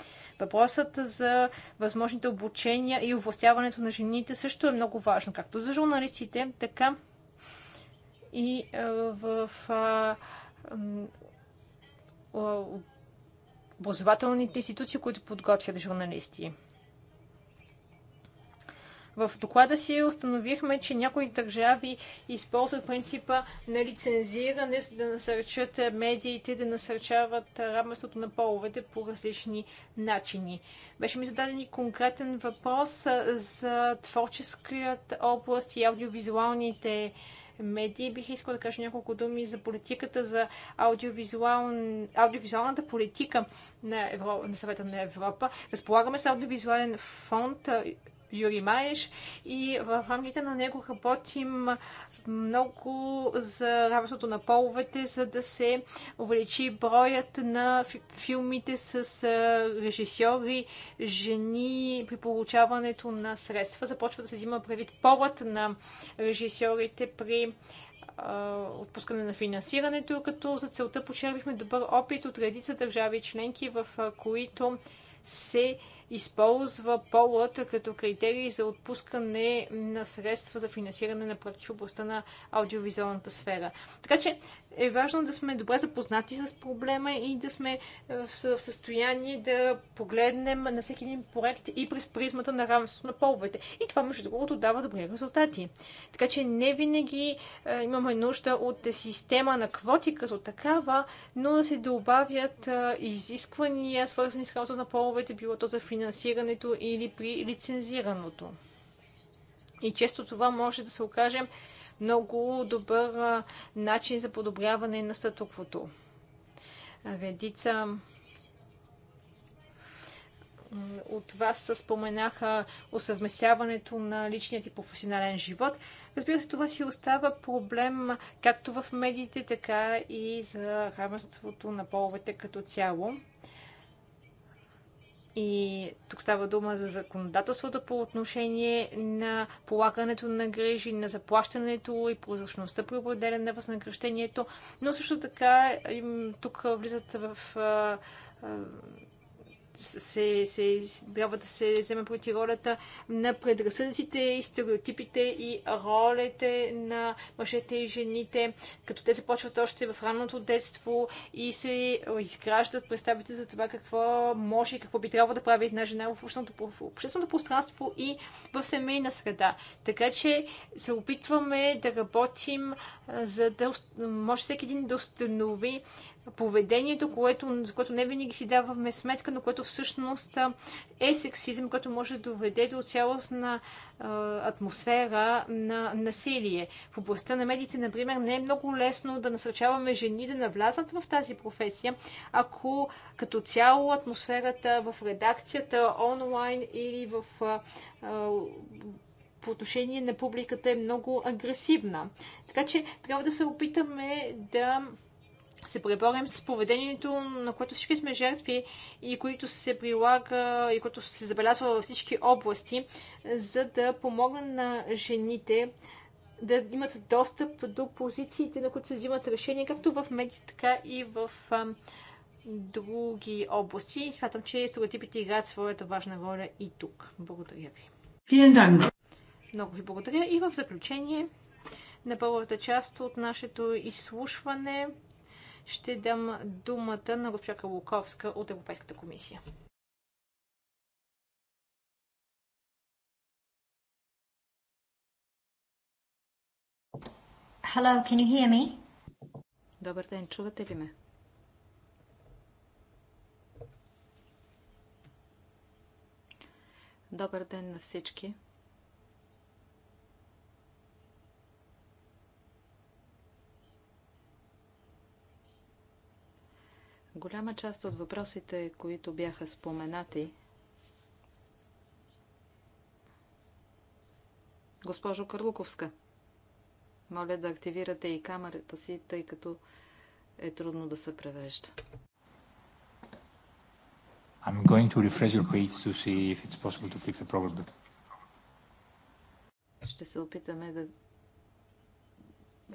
Въпросът за възможните обучения и овластяването на жените също е много важно, както за журналистите, така и в образователните институции, които подготвят журналисти. В доклада си установихме, че някои държави използват принципа на лицензиране, за да насърчат медиите, да насърчават равенството на половете по различни начини. Беше ми зададен и конкретен въпрос за творческият област и аудиовизуалните медии. Бих искала да кажа няколко думи за политиката за аудиовизуал... аудиовизуалната политика на, Евро... на съвета на Европа. Разполагаме с аудиовизуален фонд, Юри Маеш и в рамките на него работим много за равенството на половете, за да се увеличи броят на филмите с режисьори, жени при получаването на средства. Започва да се взима предвид полът на режисьорите при отпускане на финансирането, като за целта почервихме добър опит от редица държави членки, в които се използва полът като критерий за отпускане на средства за финансиране на проекти в областта на аудиовизуалната сфера. Така че е важно да сме добре запознати с проблема и да сме е, в състояние да погледнем на всеки един проект и през призмата на равенството на половете. И това, между другото, дава добри резултати. Така че не винаги е, имаме нужда от система на квоти като такава, но да се добавят е, изисквания, свързани с равенството на половете, било то за финансирането или при лицензираното. И често това може да се окаже много добър начин за подобряване на статуквото. Редица от вас споменаха усъвместяването на личният и професионален живот. Разбира се, това си остава проблем както в медиите, така и за равенството на половете като цяло. И тук става дума за законодателството по отношение на полагането на грижи, на заплащането и прозрачността при определяне на възнаграждението, но също така тук влизат в се, се, трябва да се вземе проти ролята на предразсъдъците и стереотипите и ролите на мъжете и жените, като те започват още в ранното детство и се изграждат представите за това какво може и какво би трябвало да прави една жена в общественото, в общественото пространство и в семейна среда. Така че се опитваме да работим, за да може всеки един да установи поведението, което, за което не винаги си даваме сметка, но което всъщност е сексизъм, което може да доведе до цялостна атмосфера на насилие. В областта на медиите, например, не е много лесно да насърчаваме жени да навлязат в тази професия, ако като цяло атмосферата в редакцията, онлайн или в по отношение на публиката е много агресивна. Така че трябва да се опитаме да се преборим с поведението, на което всички сме жертви и които се прилага и което се забелязва във всички области, за да помогна на жените да имат достъп до позициите, на които се взимат решения, както в медиите, така и в а, други области. И смятам, че стереотипите играят своята важна роля и тук. Благодаря ви. Много ви благодаря. И в заключение на първата част от нашето изслушване ще дам думата на госпожа Калуковска от Европейската комисия. Hello, can you hear me? Добър ден, чувате ли ме? Добър ден на всички. Голяма част от въпросите, които бяха споменати, Госпожо Карлуковска, моля да активирате и камерата си, тъй като е трудно да се превежда. I'm going to refresh your page to see if it's possible to fix the problem. Ще се опитаме да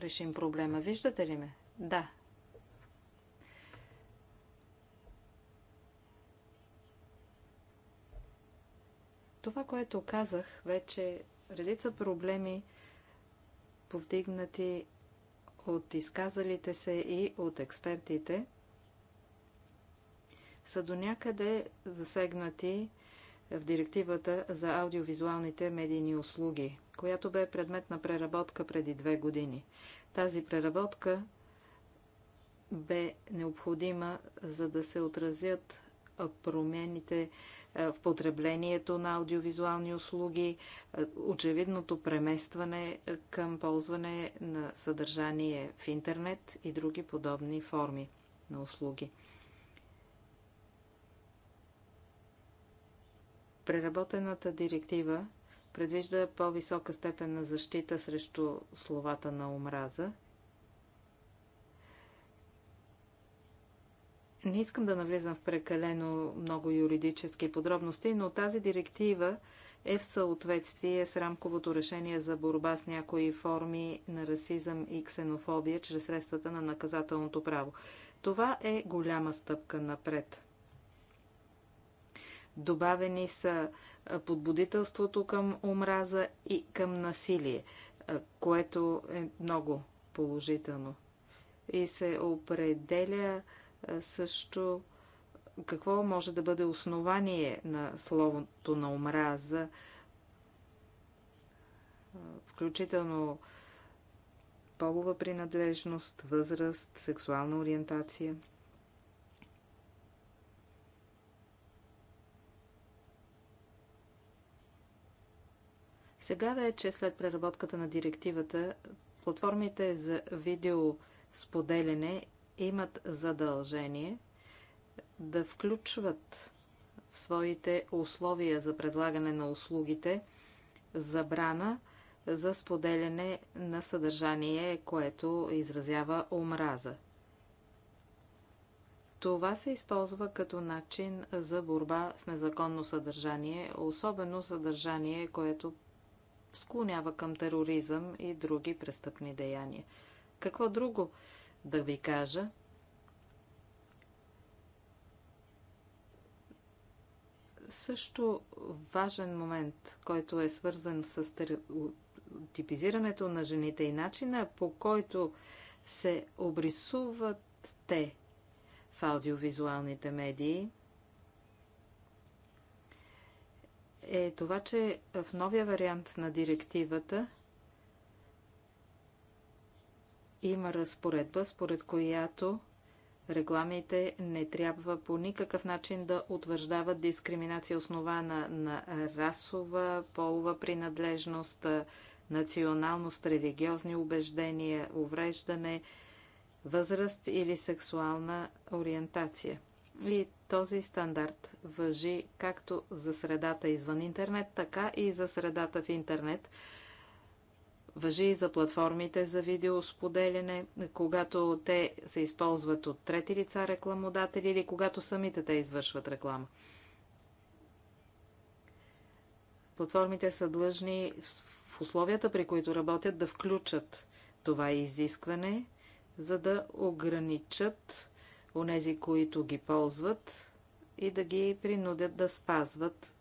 решим проблема. Виждате ли ме? Да, това, което казах, вече редица проблеми, повдигнати от изказалите се и от експертите, са до някъде засегнати в директивата за аудиовизуалните медийни услуги, която бе предмет на преработка преди две години. Тази преработка бе необходима, за да се отразят промените в потреблението на аудиовизуални услуги, очевидното преместване към ползване на съдържание в интернет и други подобни форми на услуги. Преработената директива предвижда по-висока степен на защита срещу словата на омраза – Не искам да навлизам в прекалено много юридически подробности, но тази директива е в съответствие с рамковото решение за борба с някои форми на расизъм и ксенофобия чрез средствата на наказателното право. Това е голяма стъпка напред. Добавени са подбудителството към омраза и към насилие, което е много положително. И се определя също какво може да бъде основание на словото на омраза, включително полова принадлежност, възраст, сексуална ориентация. Сега вече, след преработката на директивата, платформите за видео споделяне имат задължение да включват в своите условия за предлагане на услугите забрана за споделяне на съдържание, което изразява омраза. Това се използва като начин за борба с незаконно съдържание, особено съдържание, което склонява към тероризъм и други престъпни деяния. Какво друго да ви кажа, също важен момент, който е свързан с типизирането на жените и начина по който се обрисуват те в аудиовизуалните медии, е това, че в новия вариант на директивата има разпоредба, според която рекламите не трябва по никакъв начин да утвърждават дискриминация основана на расова, полова принадлежност, националност, религиозни убеждения, увреждане, възраст или сексуална ориентация. И този стандарт въжи както за средата извън интернет, така и за средата в интернет – Въжи и за платформите за видеосподеляне, когато те се използват от трети лица рекламодатели или когато самите те извършват реклама. Платформите са длъжни в условията, при които работят, да включат това изискване, за да ограничат онези, които ги ползват и да ги принудят да спазват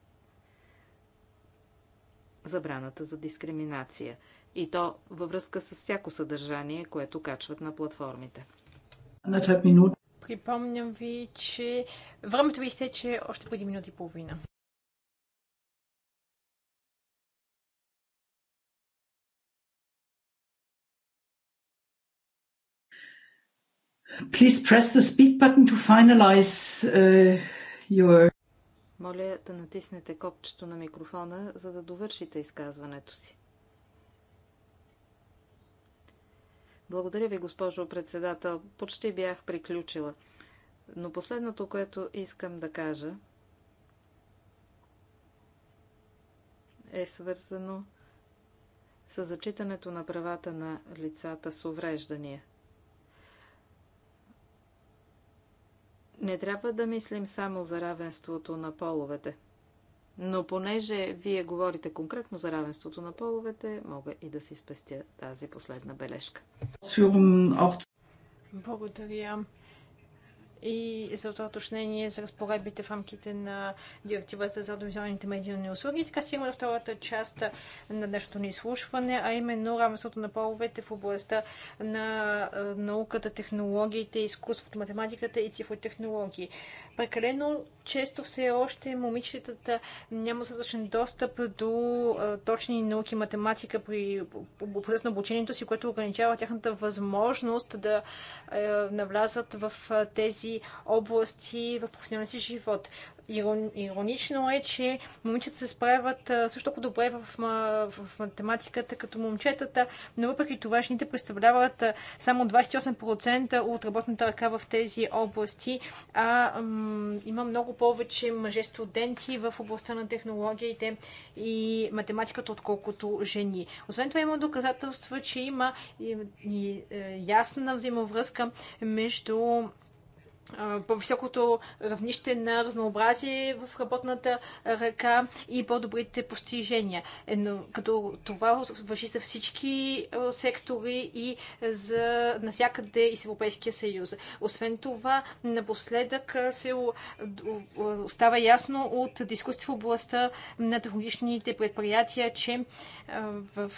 забраната за дискриминация и то във връзка с всяко съдържание, което качват на платформите. Припомням ви, че времето ви изтече още преди минути и половина. Please press the speak button to finalize uh, your... Моля да натиснете копчето на микрофона, за да довършите изказването си. Благодаря ви, госпожо председател. Почти бях приключила. Но последното, което искам да кажа, е свързано с зачитането на правата на лицата с увреждания. Не трябва да мислим само за равенството на половете. Но понеже вие говорите конкретно за равенството на половете, мога и да си спестя тази последна бележка. Благодаря и за това уточнение за разпоредбите в рамките на директивата за аудиовизуалните медийни услуги. така си до втората част на днешното ни изслушване, а именно равенството на половете в областта на науката, технологиите, изкуството, математиката и цифротехнологии. Прекалено често все още момичетата няма достатъчен достъп до точни науки, математика при процес на обучението си, което ограничава тяхната възможност да навлязат в тези области в професионалния си живот. Иронично е, че момичета се справят също толкова добре в, в математиката като момчетата, но въпреки това жените представляват само 28% от работната ръка в тези области, а има много повече мъже студенти в областта на технологиите и математиката, отколкото жени. Освен това има доказателства, че има и, и, и е, ясна взаимовръзка между по-високото равнище на разнообразие в работната ръка и по-добрите постижения. Едно, като това върши за всички сектори и за навсякъде из Европейския съюз. Освен това, напоследък се става ясно от дискусия в областта на технологичните предприятия, че в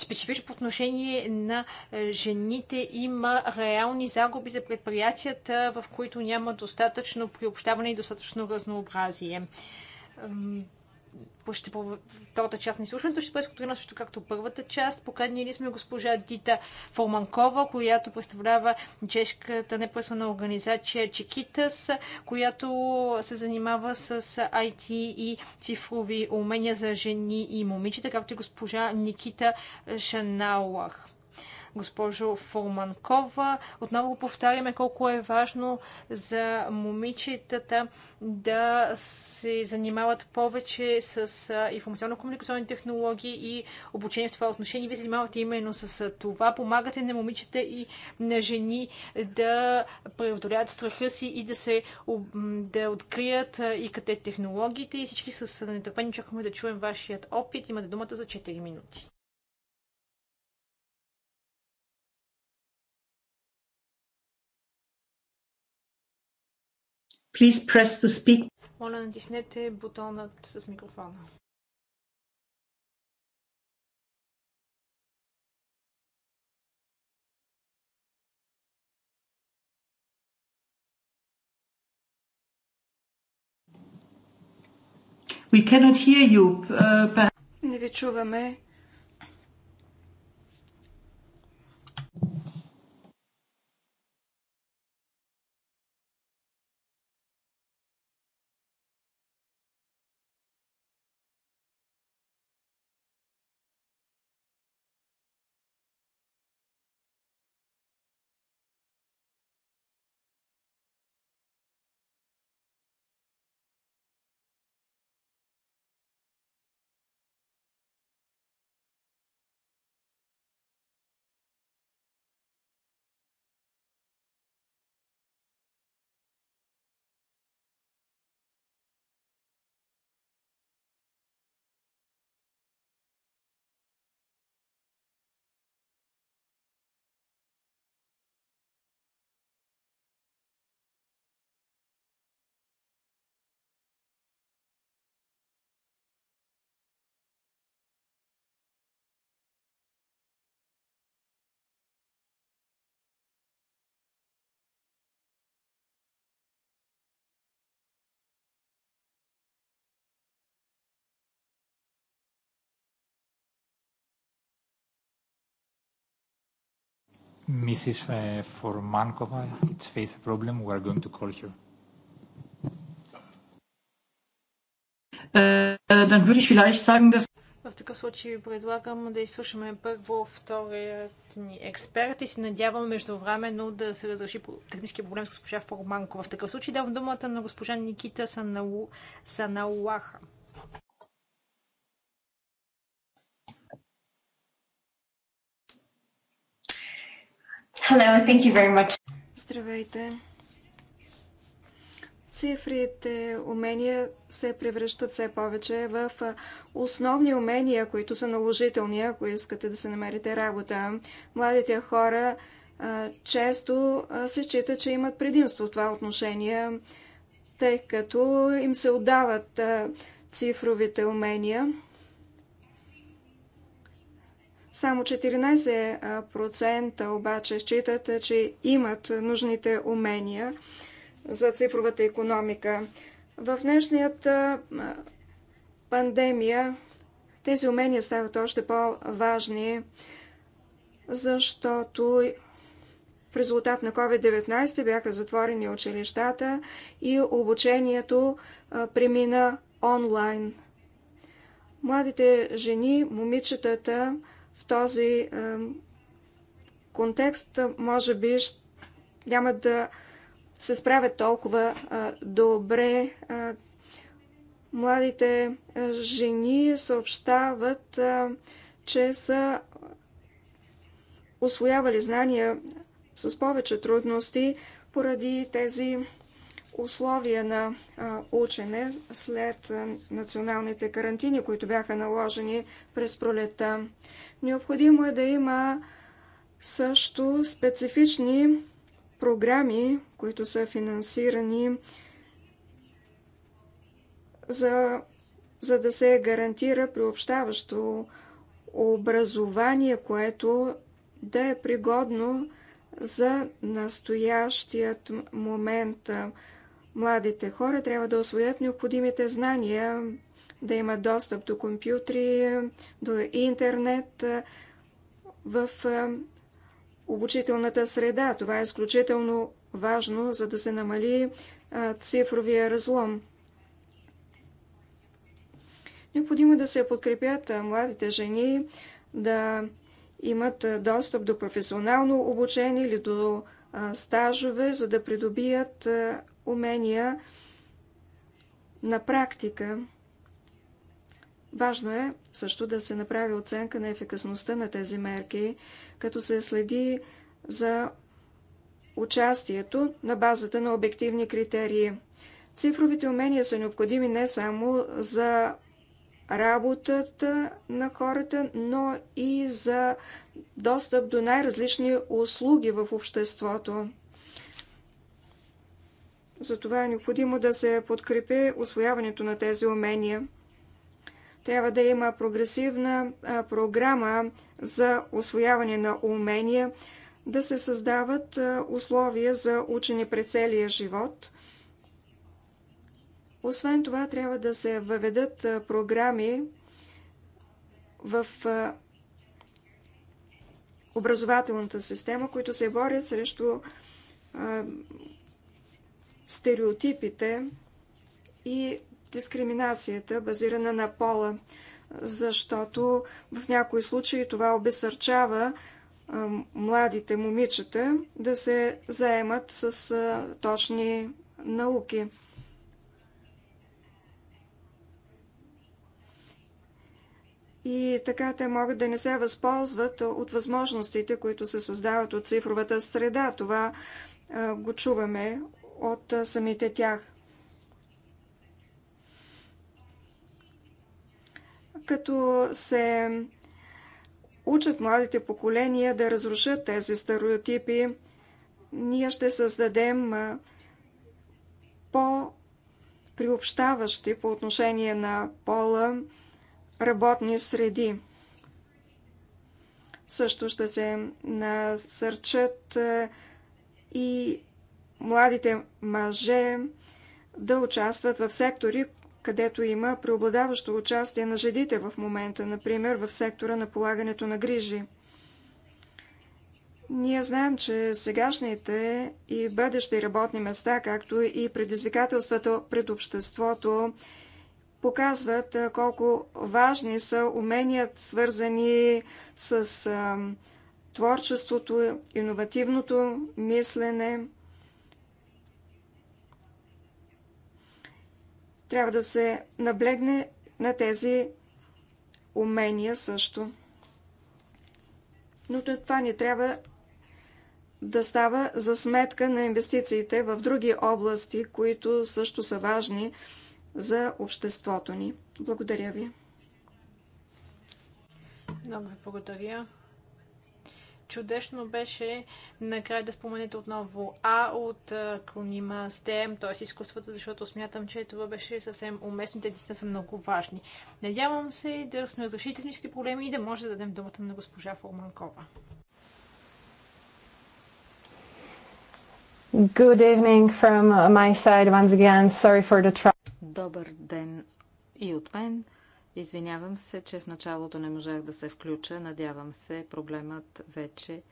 специфично по отношение на е, жените има реални загуби за предприятията, в които няма достатъчно приобщаване и достатъчно разнообразие ще втората част на изслушването ще бъде сконтролирана също както първата част. Поканили сме госпожа Дита Фоманкова, която представлява чешката непосредствена организация Чекитас, която се занимава с IT и цифрови умения за жени и момичета, както и госпожа Никита Шаналах госпожо Форманкова. Отново повтаряме колко е важно за момичетата да се занимават повече с информационно-комуникационни технологии и обучение в това отношение. Вие занимавате именно с това. Помагате на момичета и на жени да преодолят страха си и да се да открият и къде технологиите и всички с нетърпение чакаме да чуем вашият опит. Имате думата за 4 минути. Please press the speak. Моля, натиснете бутонът с микрофона. We cannot hear you. Uh, but... Не ви чуваме. Mrs. Uh, Formankova, it's face a problem. We are going to call her. Uh, würde ich vielleicht sagen, dass в такъв случай предлагам да изслушаме първо вторият ни експерт и се надявам междувременно да се разреши технически проблем с госпожа Форманкова. В такъв случай давам думата на госпожа Никита Саналуаха. Сана Hello, thank you very much. Здравейте. Цифрите умения се превръщат все повече в основни умения, които са наложителни, ако искате да се намерите работа. Младите хора а, често а, се считат, че имат предимство в това отношение, тъй като им се отдават а, цифровите умения. Само 14% обаче считат, че имат нужните умения за цифровата економика. В днешният пандемия тези умения стават още по-важни, защото в резултат на COVID-19 бяха затворени училищата и обучението премина онлайн. Младите жени, момичетата, в този контекст, може би, няма да се справят толкова добре. Младите жени съобщават, че са освоявали знания с повече трудности поради тези условия на учене след националните карантини, които бяха наложени през пролета. Необходимо е да има също специфични програми, които са финансирани за, за да се гарантира приобщаващо образование, което да е пригодно за настоящият момент. Младите хора трябва да освоят необходимите знания, да имат достъп до компютри, до интернет в обучителната среда. Това е изключително важно, за да се намали цифровия разлом. Необходимо е да се подкрепят младите жени да имат достъп до професионално обучение или до стажове, за да придобият умения на практика. Важно е също да се направи оценка на ефикасността на тези мерки, като се следи за участието на базата на обективни критерии. Цифровите умения са необходими не само за работата на хората, но и за достъп до най-различни услуги в обществото. Затова е необходимо да се подкрепи освояването на тези умения. Трябва да има прогресивна програма за освояване на умения, да се създават условия за учене през целия живот. Освен това, трябва да се въведат програми в образователната система, които се борят срещу стереотипите и дискриминацията, базирана на пола, защото в някои случаи това обесърчава младите момичета да се заемат с точни науки. И така те могат да не се възползват от възможностите, които се създават от цифровата среда. Това го чуваме от самите тях. Като се учат младите поколения да разрушат тези стереотипи, ние ще създадем по-приобщаващи по отношение на пола работни среди. Също ще се насърчат и младите мъже да участват в сектори, където има преобладаващо участие на жедите в момента, например в сектора на полагането на грижи. Ние знаем, че сегашните и бъдещи работни места, както и предизвикателствата пред обществото, показват колко важни са уменият, свързани с творчеството, иновативното мислене, Трябва да се наблегне на тези умения също. Но това не трябва да става за сметка на инвестициите в други области, които също са важни за обществото ни. Благодаря ви. Много ви благодаря чудесно беше накрая да споменете отново А от акронима STEM, т.е. изкуствата, защото смятам, че това беше съвсем уместно. Те наистина са много важни. Надявам се да сме разрешили технически проблеми и да може да дадем думата на госпожа Фолманкова. Good evening from my side once again. Sorry for the Добър ден и от мен. Извинявам се, че в началото не можах да се включа. Надявам се, проблемът вече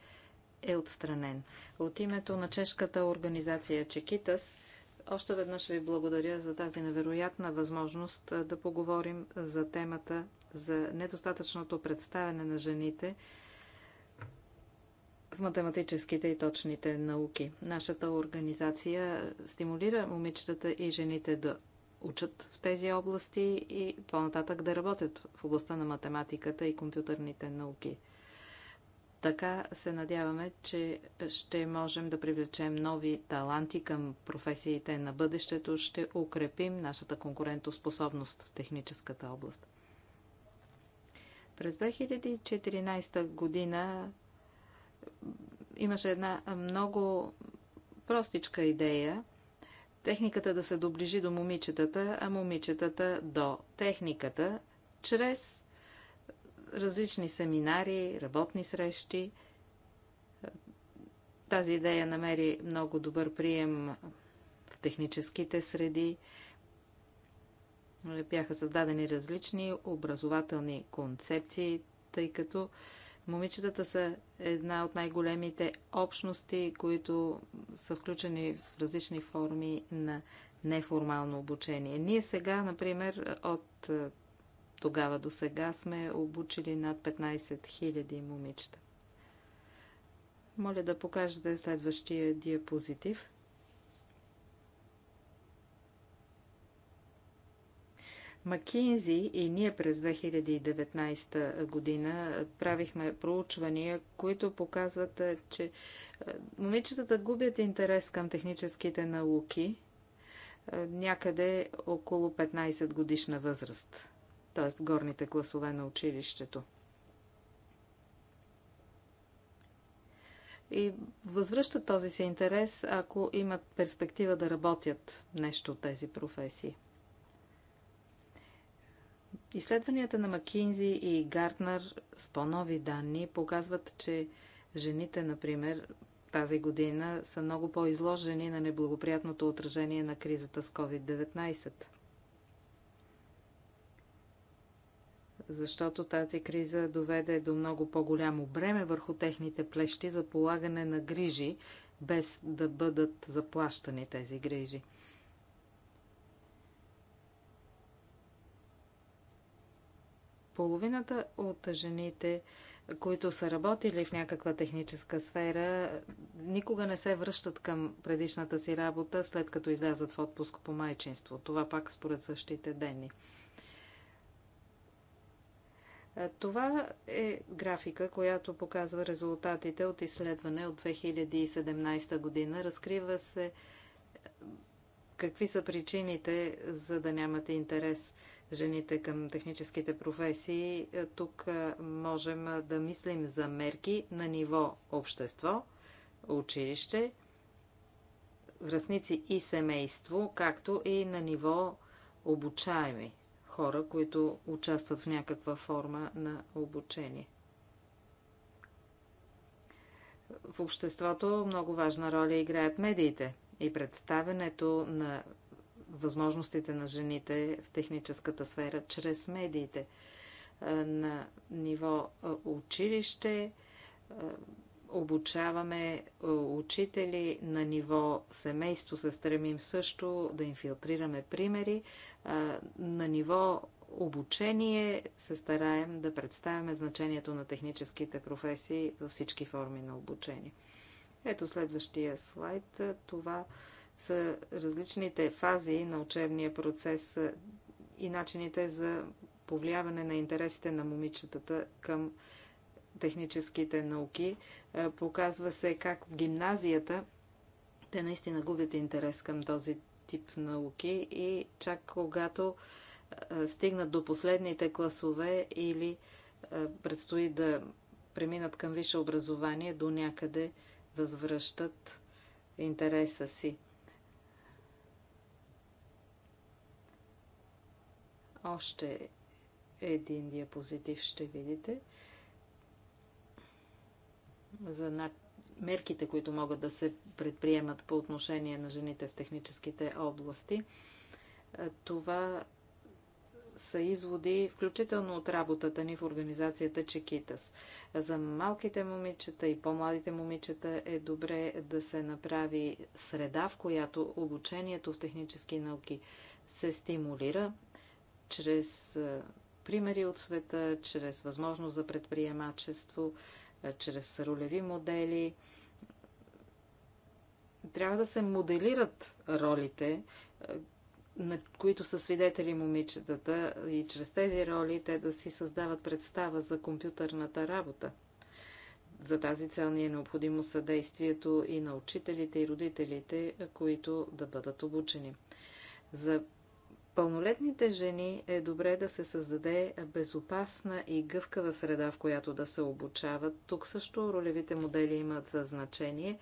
е отстранен. От името на чешката организация Чекитас, още веднъж ви благодаря за тази невероятна възможност да поговорим за темата за недостатъчното представяне на жените в математическите и точните науки. Нашата организация стимулира момичетата и жените да учат в тези области и по-нататък да работят в областта на математиката и компютърните науки. Така се надяваме, че ще можем да привлечем нови таланти към професиите на бъдещето, ще укрепим нашата конкурентоспособност в техническата област. През 2014 година имаше една много простичка идея техниката да се доближи до момичетата, а момичетата до техниката, чрез различни семинари, работни срещи. Тази идея намери много добър прием в техническите среди. Бяха създадени различни образователни концепции, тъй като Момичетата са една от най-големите общности, които са включени в различни форми на неформално обучение. Ние сега, например, от е, тогава до сега сме обучили над 15 000 момичета. Моля да покажете следващия диапозитив. Макинзи и ние през 2019 година правихме проучвания, които показват, е, че е, момичетата губят интерес към техническите науки е, някъде около 15 годишна възраст, т.е. горните класове на училището. И възвръщат този си интерес, ако имат перспектива да работят нещо от тези професии. Изследванията на Макинзи и Гартнер с по-нови данни показват, че жените, например, тази година са много по-изложени на неблагоприятното отражение на кризата с COVID-19. Защото тази криза доведе до много по-голямо бреме върху техните плещи за полагане на грижи, без да бъдат заплащани тези грижи. половината от жените, които са работили в някаква техническа сфера, никога не се връщат към предишната си работа, след като излязат в отпуск по майчинство. Това пак според същите дени. Това е графика, която показва резултатите от изследване от 2017 година. Разкрива се какви са причините за да нямате интерес жените към техническите професии, е, тук е, можем е, да мислим за мерки на ниво общество, училище, връзници и семейство, както и на ниво обучаеми хора, които участват в някаква форма на обучение. В обществото много важна роля играят медиите и представенето на възможностите на жените в техническата сфера чрез медиите на ниво училище. Обучаваме учители на ниво семейство. Се стремим също да инфилтрираме примери. На ниво обучение се стараем да представяме значението на техническите професии във всички форми на обучение. Ето следващия слайд. Това е са различните фази на учебния процес и начините за повлияване на интересите на момичетата към техническите науки. Е, показва се как в гимназията те наистина губят интерес към този тип науки и чак когато е, стигнат до последните класове или е, предстои да преминат към висше образование, до някъде възвръщат интереса си. Още един диапозитив ще видите за мерките, които могат да се предприемат по отношение на жените в техническите области. Това са изводи, включително от работата ни в организацията Чекитас. За малките момичета и по-младите момичета е добре да се направи среда, в която обучението в технически науки се стимулира чрез примери от света, чрез възможност за предприемачество, чрез ролеви модели. Трябва да се моделират ролите, на които са свидетели момичетата и чрез тези роли те да си създават представа за компютърната работа. За тази цел ни е необходимо съдействието и на учителите и родителите, които да бъдат обучени. За пълнолетните жени е добре да се създаде безопасна и гъвкава среда, в която да се обучават. Тук също ролевите модели имат значение.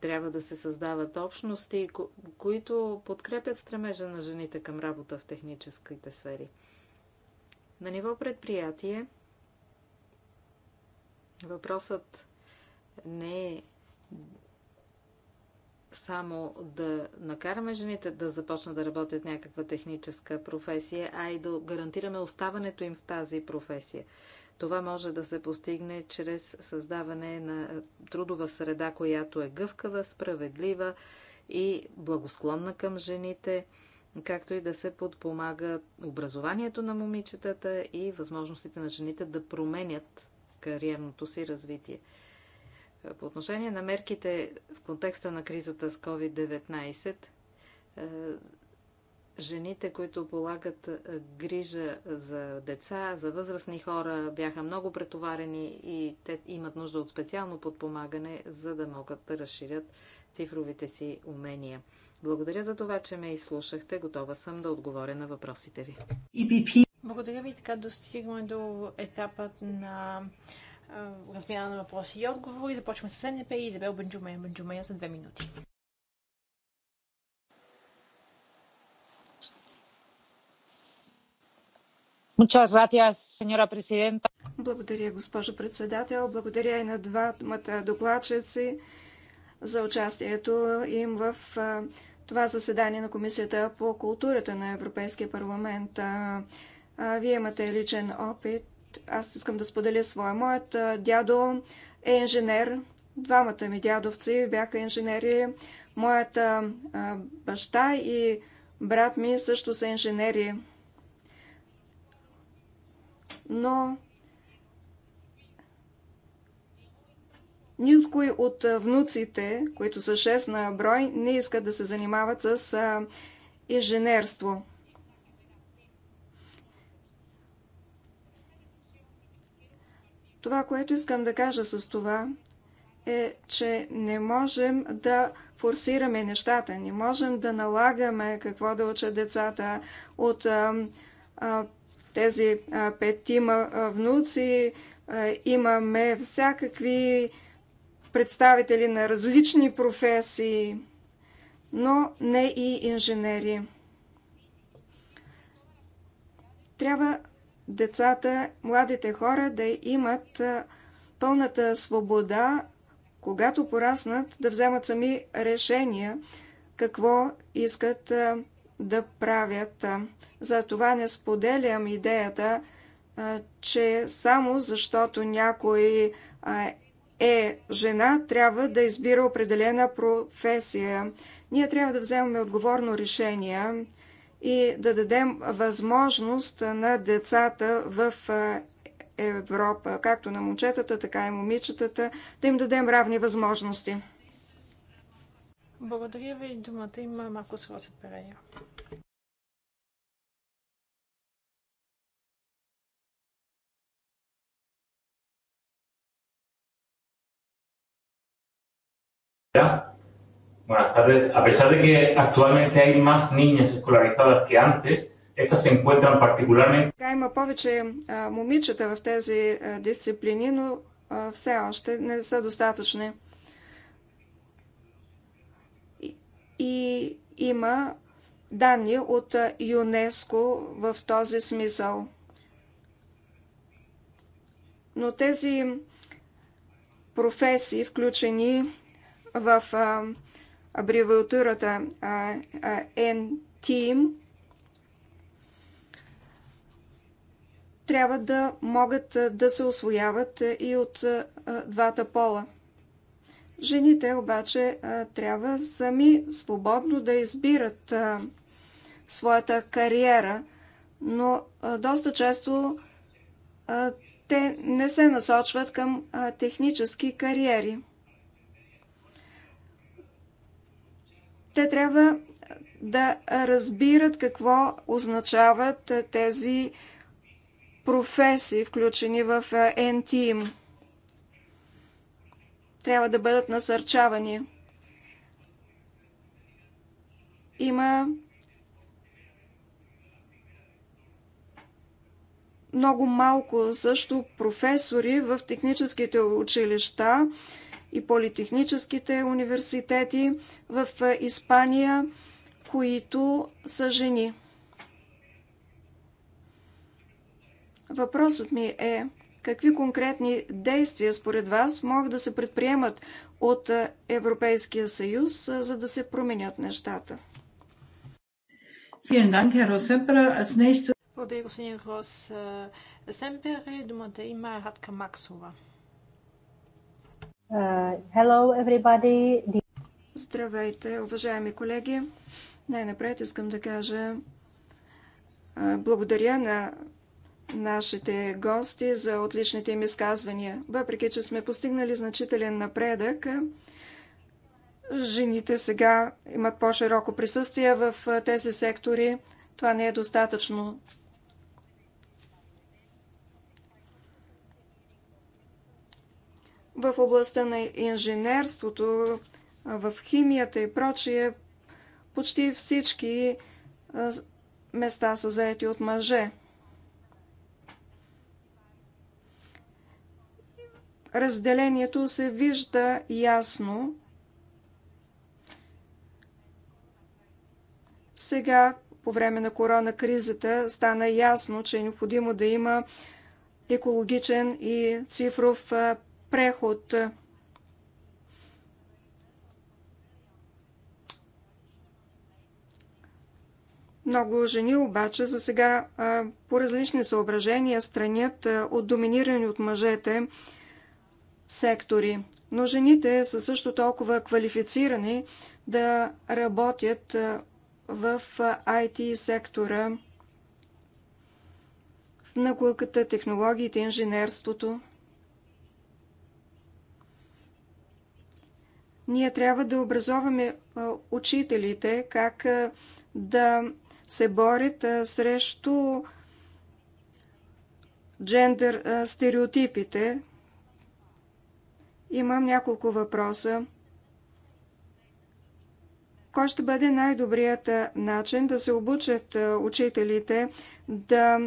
Трябва да се създават общности, които подкрепят стремежа на жените към работа в техническите сфери. На ниво предприятие въпросът не е само да накараме жените да започнат да работят някаква техническа професия, а и да гарантираме оставането им в тази професия. Това може да се постигне чрез създаване на трудова среда, която е гъвкава, справедлива и благосклонна към жените, както и да се подпомага образованието на момичетата и възможностите на жените да променят кариерното си развитие. Е, по отношение на мерките в контекста на кризата с COVID-19, е, жените, които полагат е, грижа за деца, за възрастни хора, бяха много претоварени и те имат нужда от специално подпомагане, за да могат да разширят цифровите си умения. Благодаря за това, че ме изслушахте. Готова съм да отговоря на въпросите ви. Благодаря ви. Така достигаме до етапът на размяна на въпроси и отговори. Започваме с НП и Изабел Бенджумея. Бенджумея за две минути. Благодаря, госпожо председател. Благодаря и на двамата докладчици за участието им в това заседание на Комисията по културата на Европейския парламент. Вие имате личен опит аз искам да споделя своя. Моят дядо е инженер. Двамата ми дядовци бяха инженери. Моята баща и брат ми също са инженери. Но никой от внуците, които са 6 на брой, не искат да се занимават с инженерство. Това, което искам да кажа с това, е, че не можем да форсираме нещата, не можем да налагаме какво да учат децата от а, а, тези а, петима а, внуци. А, имаме всякакви представители на различни професии, но не и инженери. Трябва децата, младите хора да имат пълната свобода, когато пораснат, да вземат сами решения какво искат да правят. Затова не споделям идеята, че само защото някой е жена, трябва да избира определена професия. Ние трябва да вземем отговорно решение и да дадем възможност на децата в Европа, както на момчетата, така и момичетата, да им дадем равни възможности. Благодаря ви. Думата има малко Роса Yeah. Buenas tardes. A pesar de que actualmente hay más niñas escolarizadas que antes, estas se encuentran particularmente... Така има повече а, момичета в тези а, дисциплини, но все още не са достатъчни. И, и има данни от ЮНЕСКО в този смисъл. Но тези професии, включени в а, абревиатурата NTIM, трябва да могат да се освояват и от двата пола. Жените обаче трябва сами свободно да избират своята кариера, но доста често те не се насочват към технически кариери. Те трябва да разбират какво означават тези професии, включени в НТИМ. Трябва да бъдат насърчавани. Има много малко също професори в техническите училища, и политехническите университети в Испания, които са жени. Въпросът ми е какви конкретни действия според вас могат да се предприемат от Европейския съюз, за да се променят нещата? Благодаря, господин Рос Семпер. Думата има Радка Максова. Uh, hello everybody. Здравейте, уважаеми колеги. Най-напред искам да кажа благодаря на нашите гости за отличните им изказвания. Въпреки, че сме постигнали значителен напредък, жените сега имат по-широко присъствие в тези сектори. Това не е достатъчно. в областта на инженерството, в химията и прочие, почти всички места са заети от мъже. Разделението се вижда ясно. Сега, по време на корона кризата, стана ясно, че е необходимо да има екологичен и цифров преход. Много жени обаче за сега по различни съображения странят от доминирани от мъжете сектори. Но жените са също толкова квалифицирани да работят в IT сектора, в науката, технологиите, инженерството. Ние трябва да образоваме учителите как да се борят срещу джендър стереотипите. Имам няколко въпроса. Кой ще бъде най-добрият начин да се обучат учителите да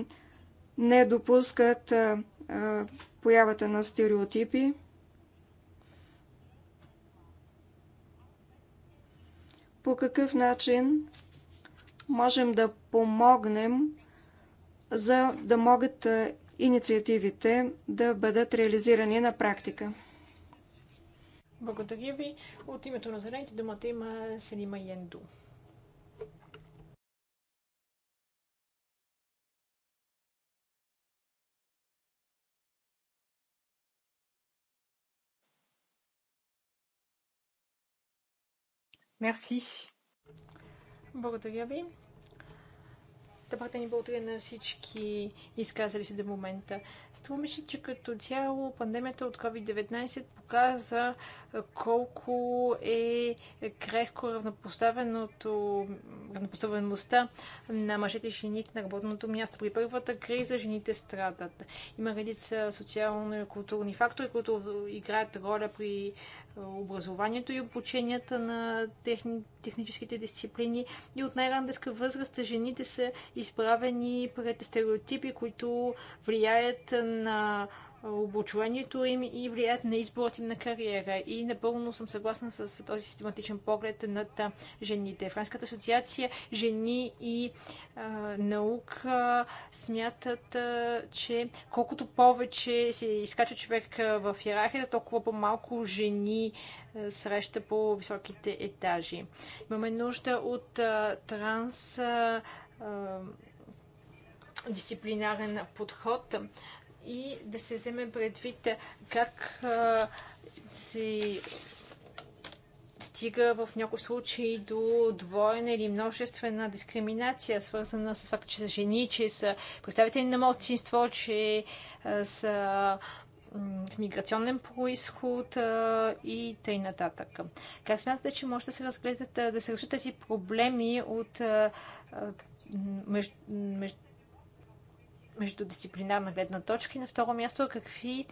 не допускат появата на стереотипи? по какъв начин можем да помогнем, за да могат инициативите да бъдат реализирани на практика. Благодаря ви. От името на зелените думата има Селима Янду. Мерси. Благодаря ви. Добър ден и благодаря на всички изказали се до момента. Струва ми се, че като цяло пандемията от COVID-19 показа колко е крехко равнопоставеността на мъжете и жените на работното място. При първата криза жените страдат. Има редица социално и културни фактори, които играят роля при образованието и обученията на техни, техническите дисциплини и от най-рандеска възраст жените са изправени пред стереотипи, които влияят на обучението им и влияят на изборът им на кариера. И напълно съм съгласна с този систематичен поглед над жените. Франската асоциация Жени и а, наука смятат, а, че колкото повече се изкача човек в иерархията, толкова по-малко жени а, среща по високите етажи. Имаме нужда от а, транс. А, дисциплинарен подход и да се вземе предвид как се стига в някои случаи до двойна или множествена дискриминация, свързана с факта, че са жени, че са представители на младсинство, че са с миграционен происход и тъй нататък. Как смятате, че може да се разгледат, да се решат тези проблеми от между, между между дисциплинарна гледна точка. И на второ място, какви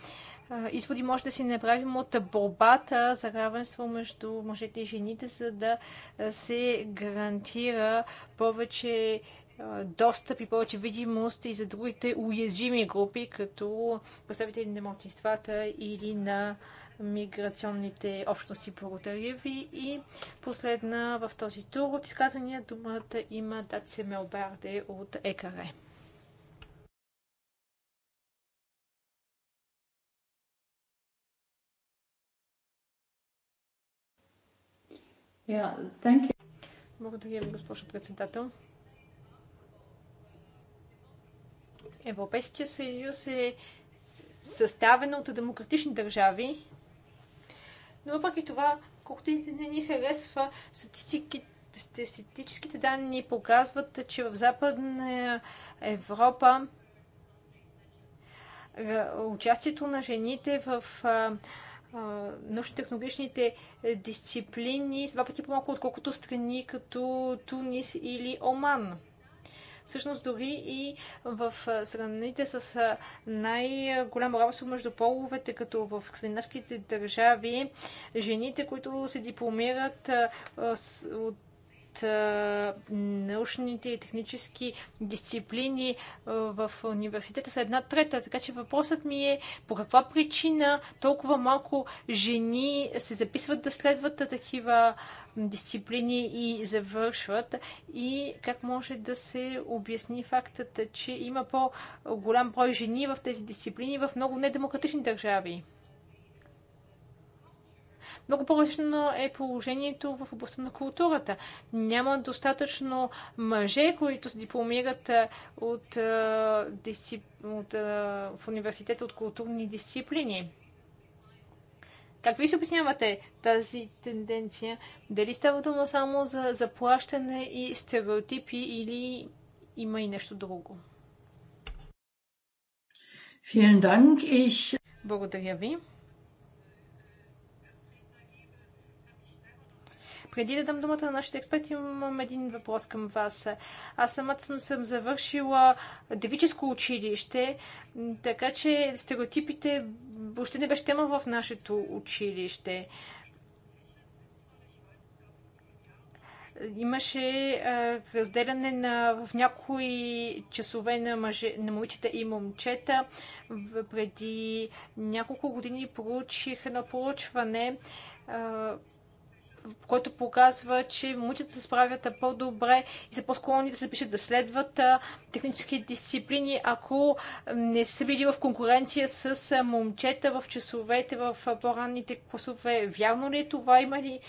изводи може да си направим от борбата за равенство между мъжете и жените, за да се гарантира повече достъп и повече видимост и за другите уязвими групи, като представители на младсинствата или на миграционните общности. Благодаря ви. И последна в този тур от изказвания думата има Дат Мелбарде от ЕКАРЕ. Yeah, Благодаря ви, госпожо председател. Европейския съюз е съставен от демократични държави, но въпреки това, колкото и не ни харесва, статистическите данни показват, че в Западна Европа участието на жените в научно-технологичните е, дисциплини с два пъти по-малко, отколкото страни като Тунис или Оман. Всъщност дори и в страните с най-голямо равенство между половете, като в скандинавските държави, жените, които се дипломират от научните и технически дисциплини в университета са една трета. Така че въпросът ми е по каква причина толкова малко жени се записват да следват такива дисциплини и завършват и как може да се обясни фактът, че има по-голям брой жени в тези дисциплини в много недемократични държави. Много по-различно е положението в областта на културата. Няма достатъчно мъже, които се дипломират от, от, в университета от културни дисциплини. Как ви се обяснявате тази тенденция? Дали става дума само за заплащане и стереотипи или има и нещо друго? Благодаря ви. Преди да дам думата на нашите експерти, имам един въпрос към вас. Аз самата съм, съм завършила девическо училище, така че стереотипите въобще не беше тема в нашето училище. имаше а, разделяне на, в някои часове на, мъже, на момичета и момчета. Преди няколко години получих на получване. а, който показва, че момичета се справят по-добре и са по-склонни да се пишат да следват технически дисциплини, ако не са били в конкуренция с момчета в часовете в по-ранните класове. Вярно ли е това? Има ли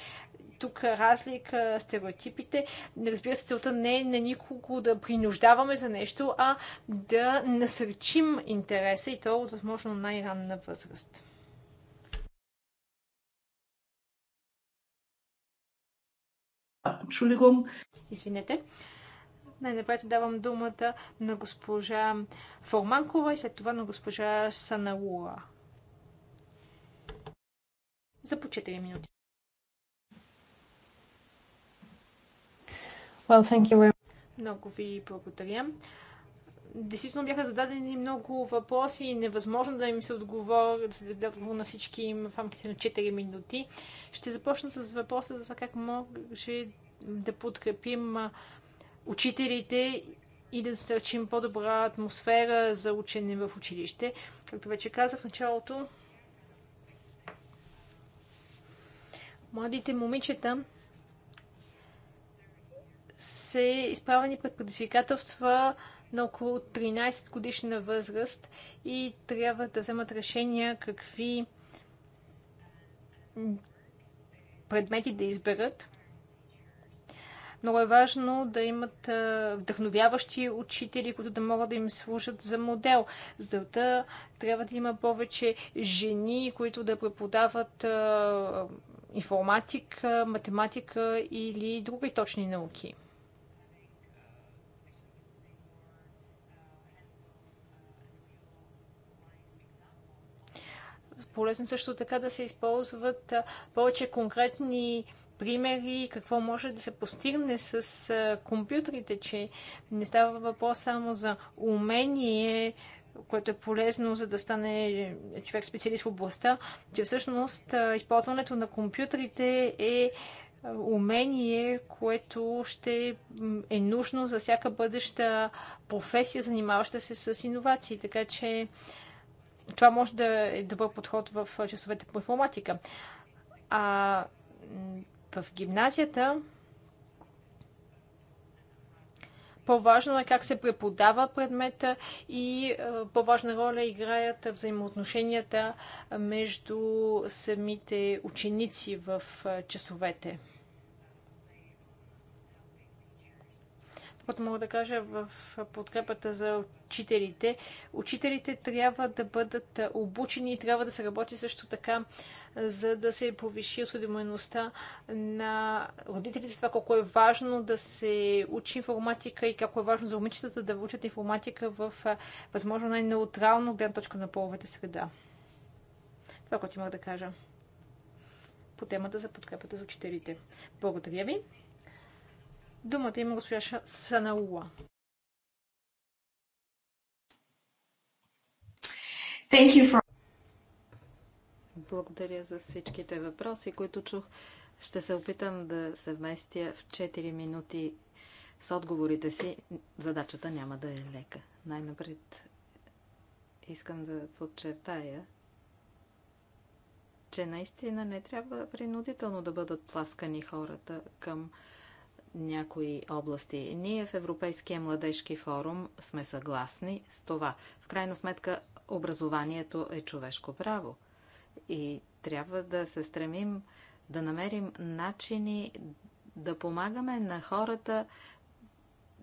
тук разлика, стереотипите. Разбира се, целта не е на никого да принуждаваме за нещо, а да насърчим интереса и то от възможно най-ранна възраст. Entschuldigung. Извинете. Най-напред давам думата на госпожа Форманкова и след това на госпожа Санаула. За по 4 минути. Well, thank you very much. Много ви благодаря действително бяха зададени много въпроси и невъзможно да им се отговори да се даде отговор на всички им в рамките на 4 минути. Ще започна с въпроса за това как може да подкрепим учителите и да насърчим по-добра атмосфера за учене в училище. Както вече казах в началото, младите момичета се изправени пред предизвикателства, на около 13 годишна възраст и трябва да вземат решения какви предмети да изберат. Много е важно да имат вдъхновяващи учители, които да могат да им служат за модел. За да трябва да има повече жени, които да преподават информатика, математика или други точни науки. полезно също така да се използват повече конкретни примери какво може да се постигне с компютрите, че не става въпрос само за умение, което е полезно, за да стане човек специалист в областта, че всъщност използването на компютрите е умение, което ще е нужно за всяка бъдеща професия, занимаваща се с иновации. Така че това може да е добър подход в часовете по информатика. А в гимназията по-важно е как се преподава предмета и по-важна роля играят взаимоотношенията между самите ученици в часовете. което мога да кажа в подкрепата за учителите. Учителите трябва да бъдат обучени и трябва да се работи също така, за да се повиши осъдимоеността на родителите за това колко е важно да се учи информатика и колко е важно за момичетата да учат информатика в възможно най-неутрално гледна точка на половете среда. Това, е което имах да кажа по темата за подкрепата за учителите. Благодаря ви! Думата има госпожа Санаула. Thank you for... Благодаря за всичките въпроси, които чух. Ще се опитам да се вместя в 4 минути с отговорите си. Задачата няма да е лека. Най-напред искам да подчертая, че наистина не трябва принудително да бъдат пласкани хората към някои области. Ние в Европейския младежки форум сме съгласни с това. В крайна сметка, образованието е човешко право. И трябва да се стремим да намерим начини да помагаме на хората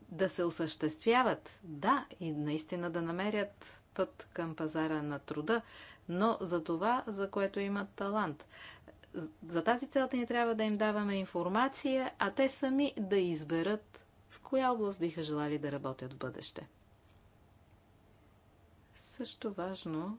да се осъществяват, да, и наистина да намерят път към пазара на труда, но за това, за което имат талант. За тази целта ни трябва да им даваме информация, а те сами да изберат в коя област биха желали да работят в бъдеще. Също важно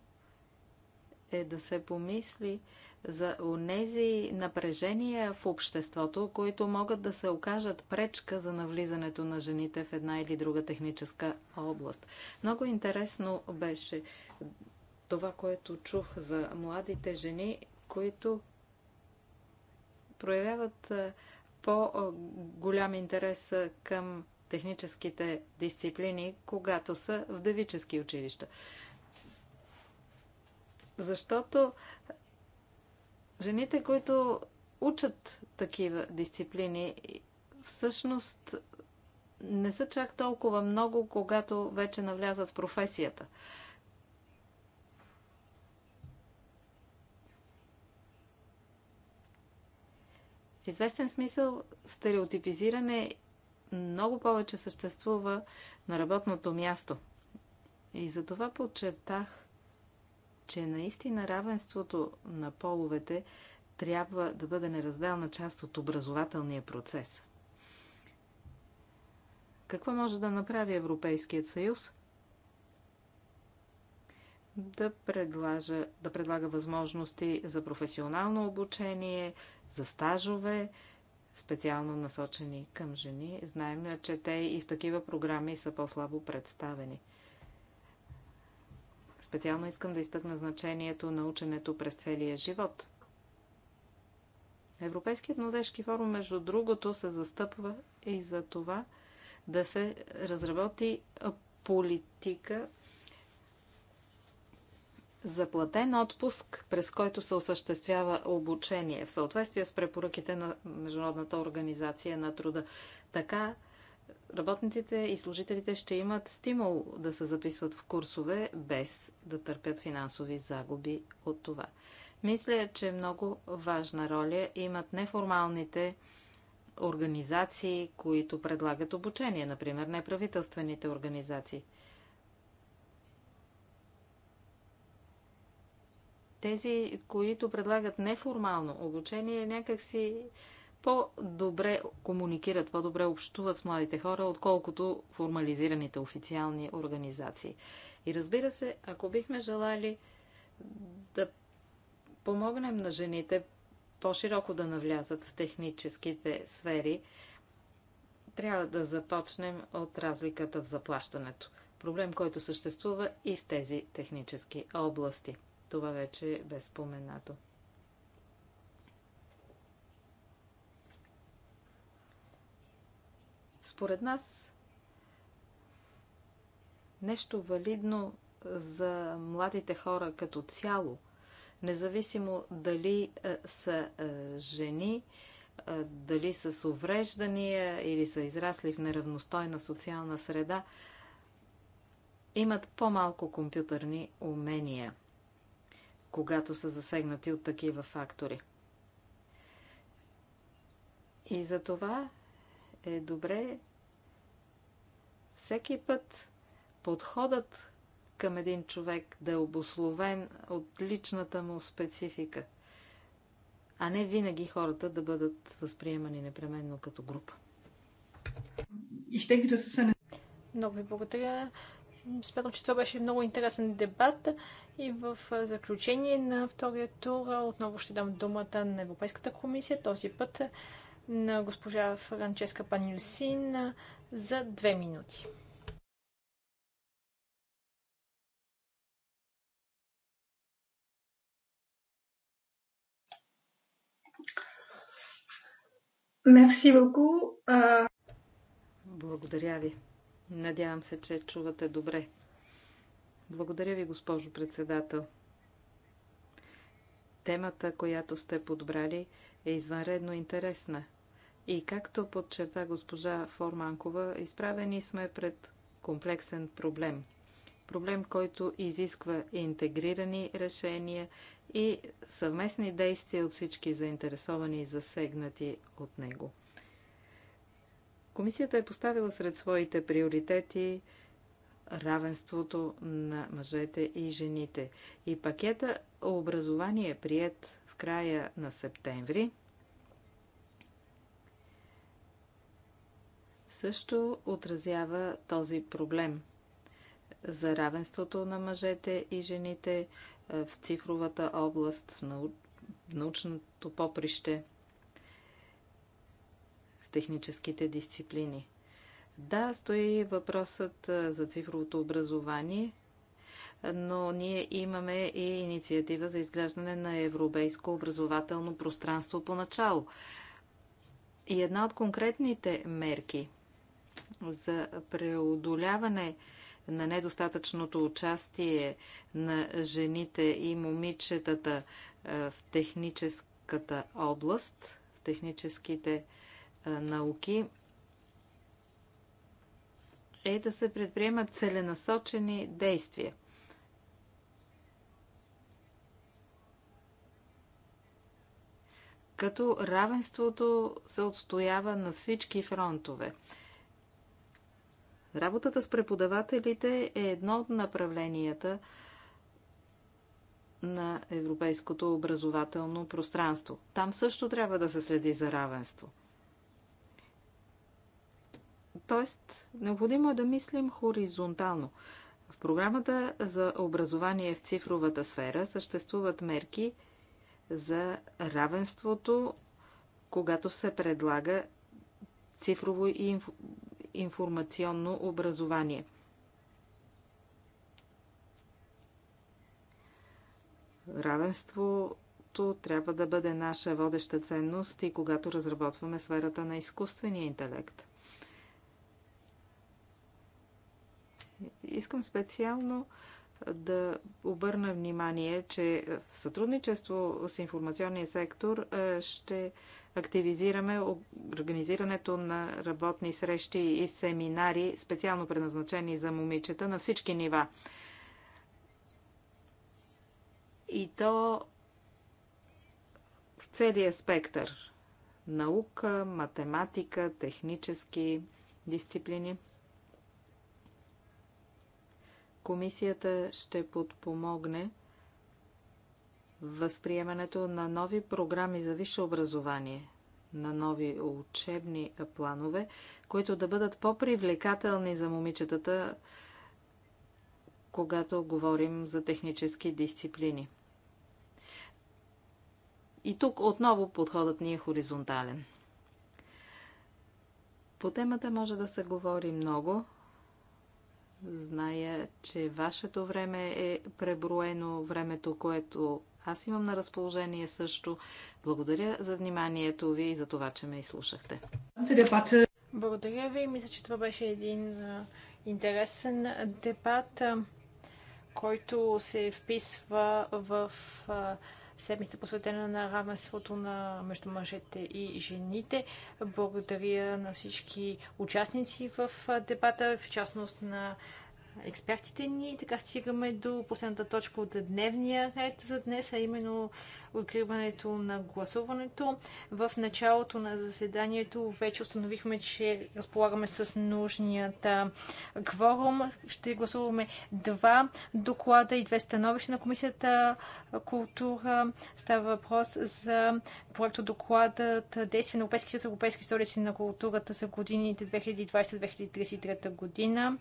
е да се помисли за онези напрежения в обществото, които могат да се окажат пречка за навлизането на жените в една или друга техническа област. Много интересно беше това, което чух за младите жени, които проявяват по-голям интерес към техническите дисциплини, когато са в девически училища. Защото жените, които учат такива дисциплини, всъщност не са чак толкова много, когато вече навлязат в професията. известен смисъл стереотипизиране много повече съществува на работното място. И за това подчертах, че наистина равенството на половете трябва да бъде неразделна част от образователния процес. Какво може да направи Европейският съюз? Да, предлага, да предлага възможности за професионално обучение, за стажове, специално насочени към жени. Знаем, че те и в такива програми са по-слабо представени. Специално искам да изтъкна значението на ученето през целия живот. Европейският младежки форум, между другото, се застъпва и за това да се разработи политика заплатен отпуск, през който се осъществява обучение в съответствие с препоръките на Международната организация на труда. Така работниците и служителите ще имат стимул да се записват в курсове без да търпят финансови загуби от това. Мисля, че много важна роля имат неформалните организации, които предлагат обучение, например неправителствените организации – тези, които предлагат неформално обучение, някакси по-добре комуникират, по-добре общуват с младите хора, отколкото формализираните официални организации. И разбира се, ако бихме желали да помогнем на жените по-широко да навлязат в техническите сфери, трябва да започнем от разликата в заплащането. Проблем, който съществува и в тези технически области – това вече е безпоменато. Според нас нещо валидно за младите хора като цяло, независимо дали е, са е, жени, е, дали са с увреждания или са израсли в неравностойна социална среда, имат по-малко компютърни умения – когато са засегнати от такива фактори. И за това е добре всеки път подходът към един човек да е обословен от личната му специфика, а не винаги хората да бъдат възприемани непременно като група. И ще ги да се Много ви благодаря. Смятам, че това беше много интересен дебат и в заключение на втория тур отново ще дам думата на Европейската комисия, този път на госпожа Франческа Панюсин за две минути. Merci beaucoup. Благодаря ви. Надявам се, че чувате добре. Благодаря ви, госпожо председател. Темата, която сте подбрали, е извънредно интересна. И както подчерта госпожа Форманкова, изправени сме пред комплексен проблем. Проблем, който изисква интегрирани решения и съвместни действия от всички заинтересовани и засегнати от него. Комисията е поставила сред своите приоритети равенството на мъжете и жените. И пакета образование прият в края на септември също отразява този проблем за равенството на мъжете и жените в цифровата област, в научното поприще – техническите дисциплини. Да, стои въпросът за цифровото образование, но ние имаме и инициатива за изграждане на европейско образователно пространство поначало. И една от конкретните мерки за преодоляване на недостатъчното участие на жените и момичетата в техническата област, в техническите науки е да се предприемат целенасочени действия. Като равенството се отстоява на всички фронтове. Работата с преподавателите е едно от направленията на европейското образователно пространство. Там също трябва да се следи за равенство – Тоест, необходимо е да мислим хоризонтално. В програмата за образование в цифровата сфера съществуват мерки за равенството, когато се предлага цифрово и инф... информационно образование. Равенството трябва да бъде наша водеща ценност и когато разработваме сферата на изкуствения интелект. Искам специално да обърна внимание, че в сътрудничество с информационния сектор ще активизираме организирането на работни срещи и семинари, специално предназначени за момичета на всички нива. И то в целия спектър наука, математика, технически дисциплини – Комисията ще подпомогне възприемането на нови програми за висше образование, на нови учебни планове, които да бъдат по-привлекателни за момичетата, когато говорим за технически дисциплини. И тук отново подходът ни е хоризонтален. По темата може да се говори много. Зная, че вашето време е преброено, времето, което аз имам на разположение е също. Благодаря за вниманието ви и за това, че ме изслушахте. Благодаря ви. Мисля, че това беше един интересен дебат, който се вписва в седмица посветена на равенството на между мъжете и жените. Благодаря на всички участници в дебата, в частност на експертите ни. така стигаме до последната точка от дневния ред за днес, а именно откриването на гласуването. В началото на заседанието вече установихме, че разполагаме с нужният кворум. Ще гласуваме два доклада и две становища на Комисията култура. Става въпрос за проекто докладът Действие на Европейски съюз, Европейски столици на културата за годините 2020-2033 година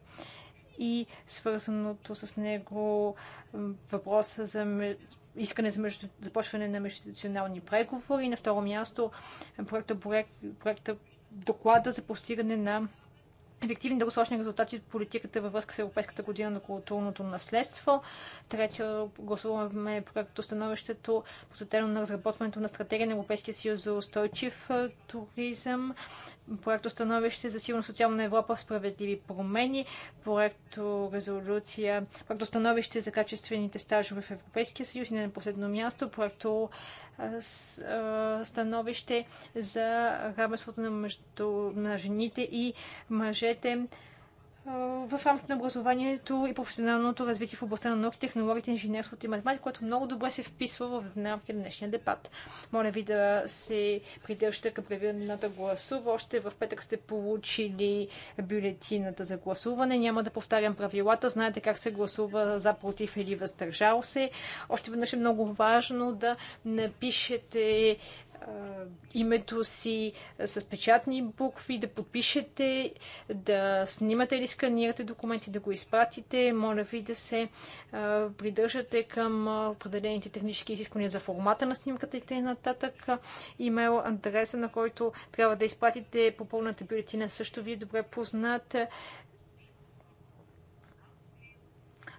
и свързаното с него въпроса за искане за между... започване на междуинституционални преговори. На второ място проекта, проекта доклада за постигане на ефективни дългосрочни резултати от политиката във връзка с Европейската година на културното наследство. Трето, гласуваме проекто становището, посветено на разработването на стратегия на Европейския съюз за устойчив туризъм проекто становище за силна социална Европа в справедливи промени, проекто резолюция, проекто становище за качествените стажове в Европейския съюз и не на последно място, проекто становище за равенството на, между, на жените и мъжете в рамките на образованието и професионалното развитие в областта на науки, технологията, инженерството и математика, което много добре се вписва в рамките на днешния дебат. Моля ви да се придържате към правилната гласува. Още в петък сте получили бюлетината за гласуване. Няма да повтарям правилата. Знаете как се гласува за, против или въздържал се. Още веднъж е много важно да напишете името си с печатни букви, да подпишете, да снимате или сканирате документи, да го изпратите. Моля ви да се придържате към определените технически изисквания за формата на снимката и т.н. Имейл адреса, на който трябва да изпратите попълната бюлетина, също ви е добре познат.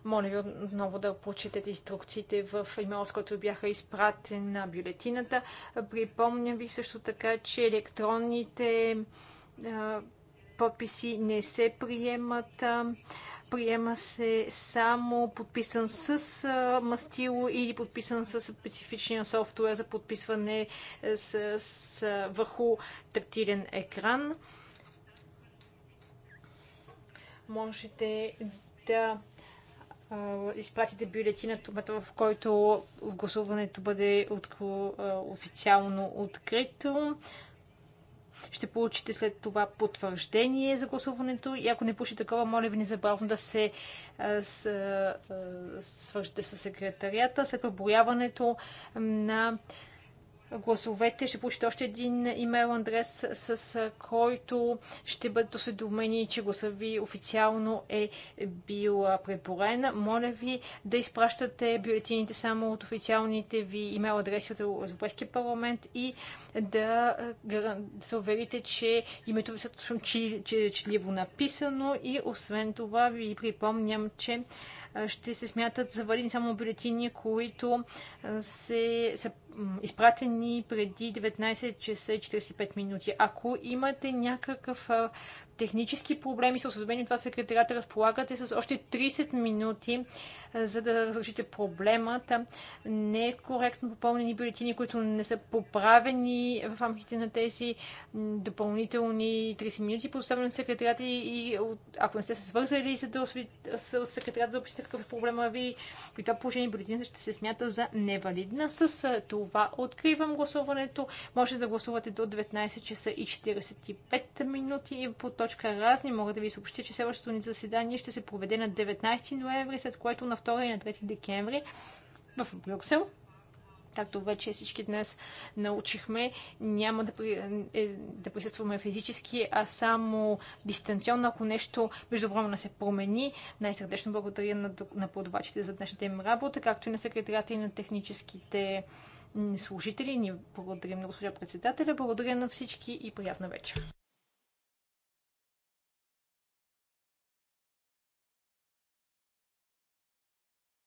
Моля ви отново да получите инструкциите в имейл, с който бяха на бюлетината. Припомням ви също така, че електронните подписи не се приемат. Приема се само подписан с мастило или подписан с специфичния софтуер за подписване е, с, с върху тактилен екран. Можете да изпратите бюлетината, в който гласуването бъде официално открито. Ще получите след това потвърждение за гласуването и ако не получите такова, моля ви незабавно да се свържете с секретарията. След преброяването на гласовете, ще получите още един имейл адрес, с който ще бъдете осведомени, че гласа ви официално е бил преборен. Моля ви да изпращате бюлетините само от официалните ви имейл адреси от Европейския парламент и да, се уверите, че името ви е точно четливо написано и освен това ви припомням, че ще се смятат за валидни само бюлетини, които се, са изпратени преди 19 часа и 45 минути. Ако имате някакъв технически проблеми с освободени от това секретарията, разполагате с още 30 минути за да разрешите проблемата, е коректно попълнени бюлетини, които не са поправени в рамките на тези допълнителни 30 минути, поставени от секретарята и ако не сте се свързали за да с секретарят за описите какъв е проблема ви, при това положение бюлетината ще се смята за невалидна. С това откривам гласуването. Може да гласувате до 19 часа и 45 минути и по точка разни. Мога да ви съобщя, че следващото ни заседание ще се проведе на 19 ноември, след което на 2 и на 3 декември в Брюксел. Както вече всички днес научихме, няма да, при, е, да присъстваме физически, а само дистанционно, ако нещо междувременно се промени. Най-сърдечно благодаря на, на продавачите за днешната им работа, както и на секретарите и на техническите служители. Ни благодарим на госпожа председателя, благодаря на всички и приятна вечер.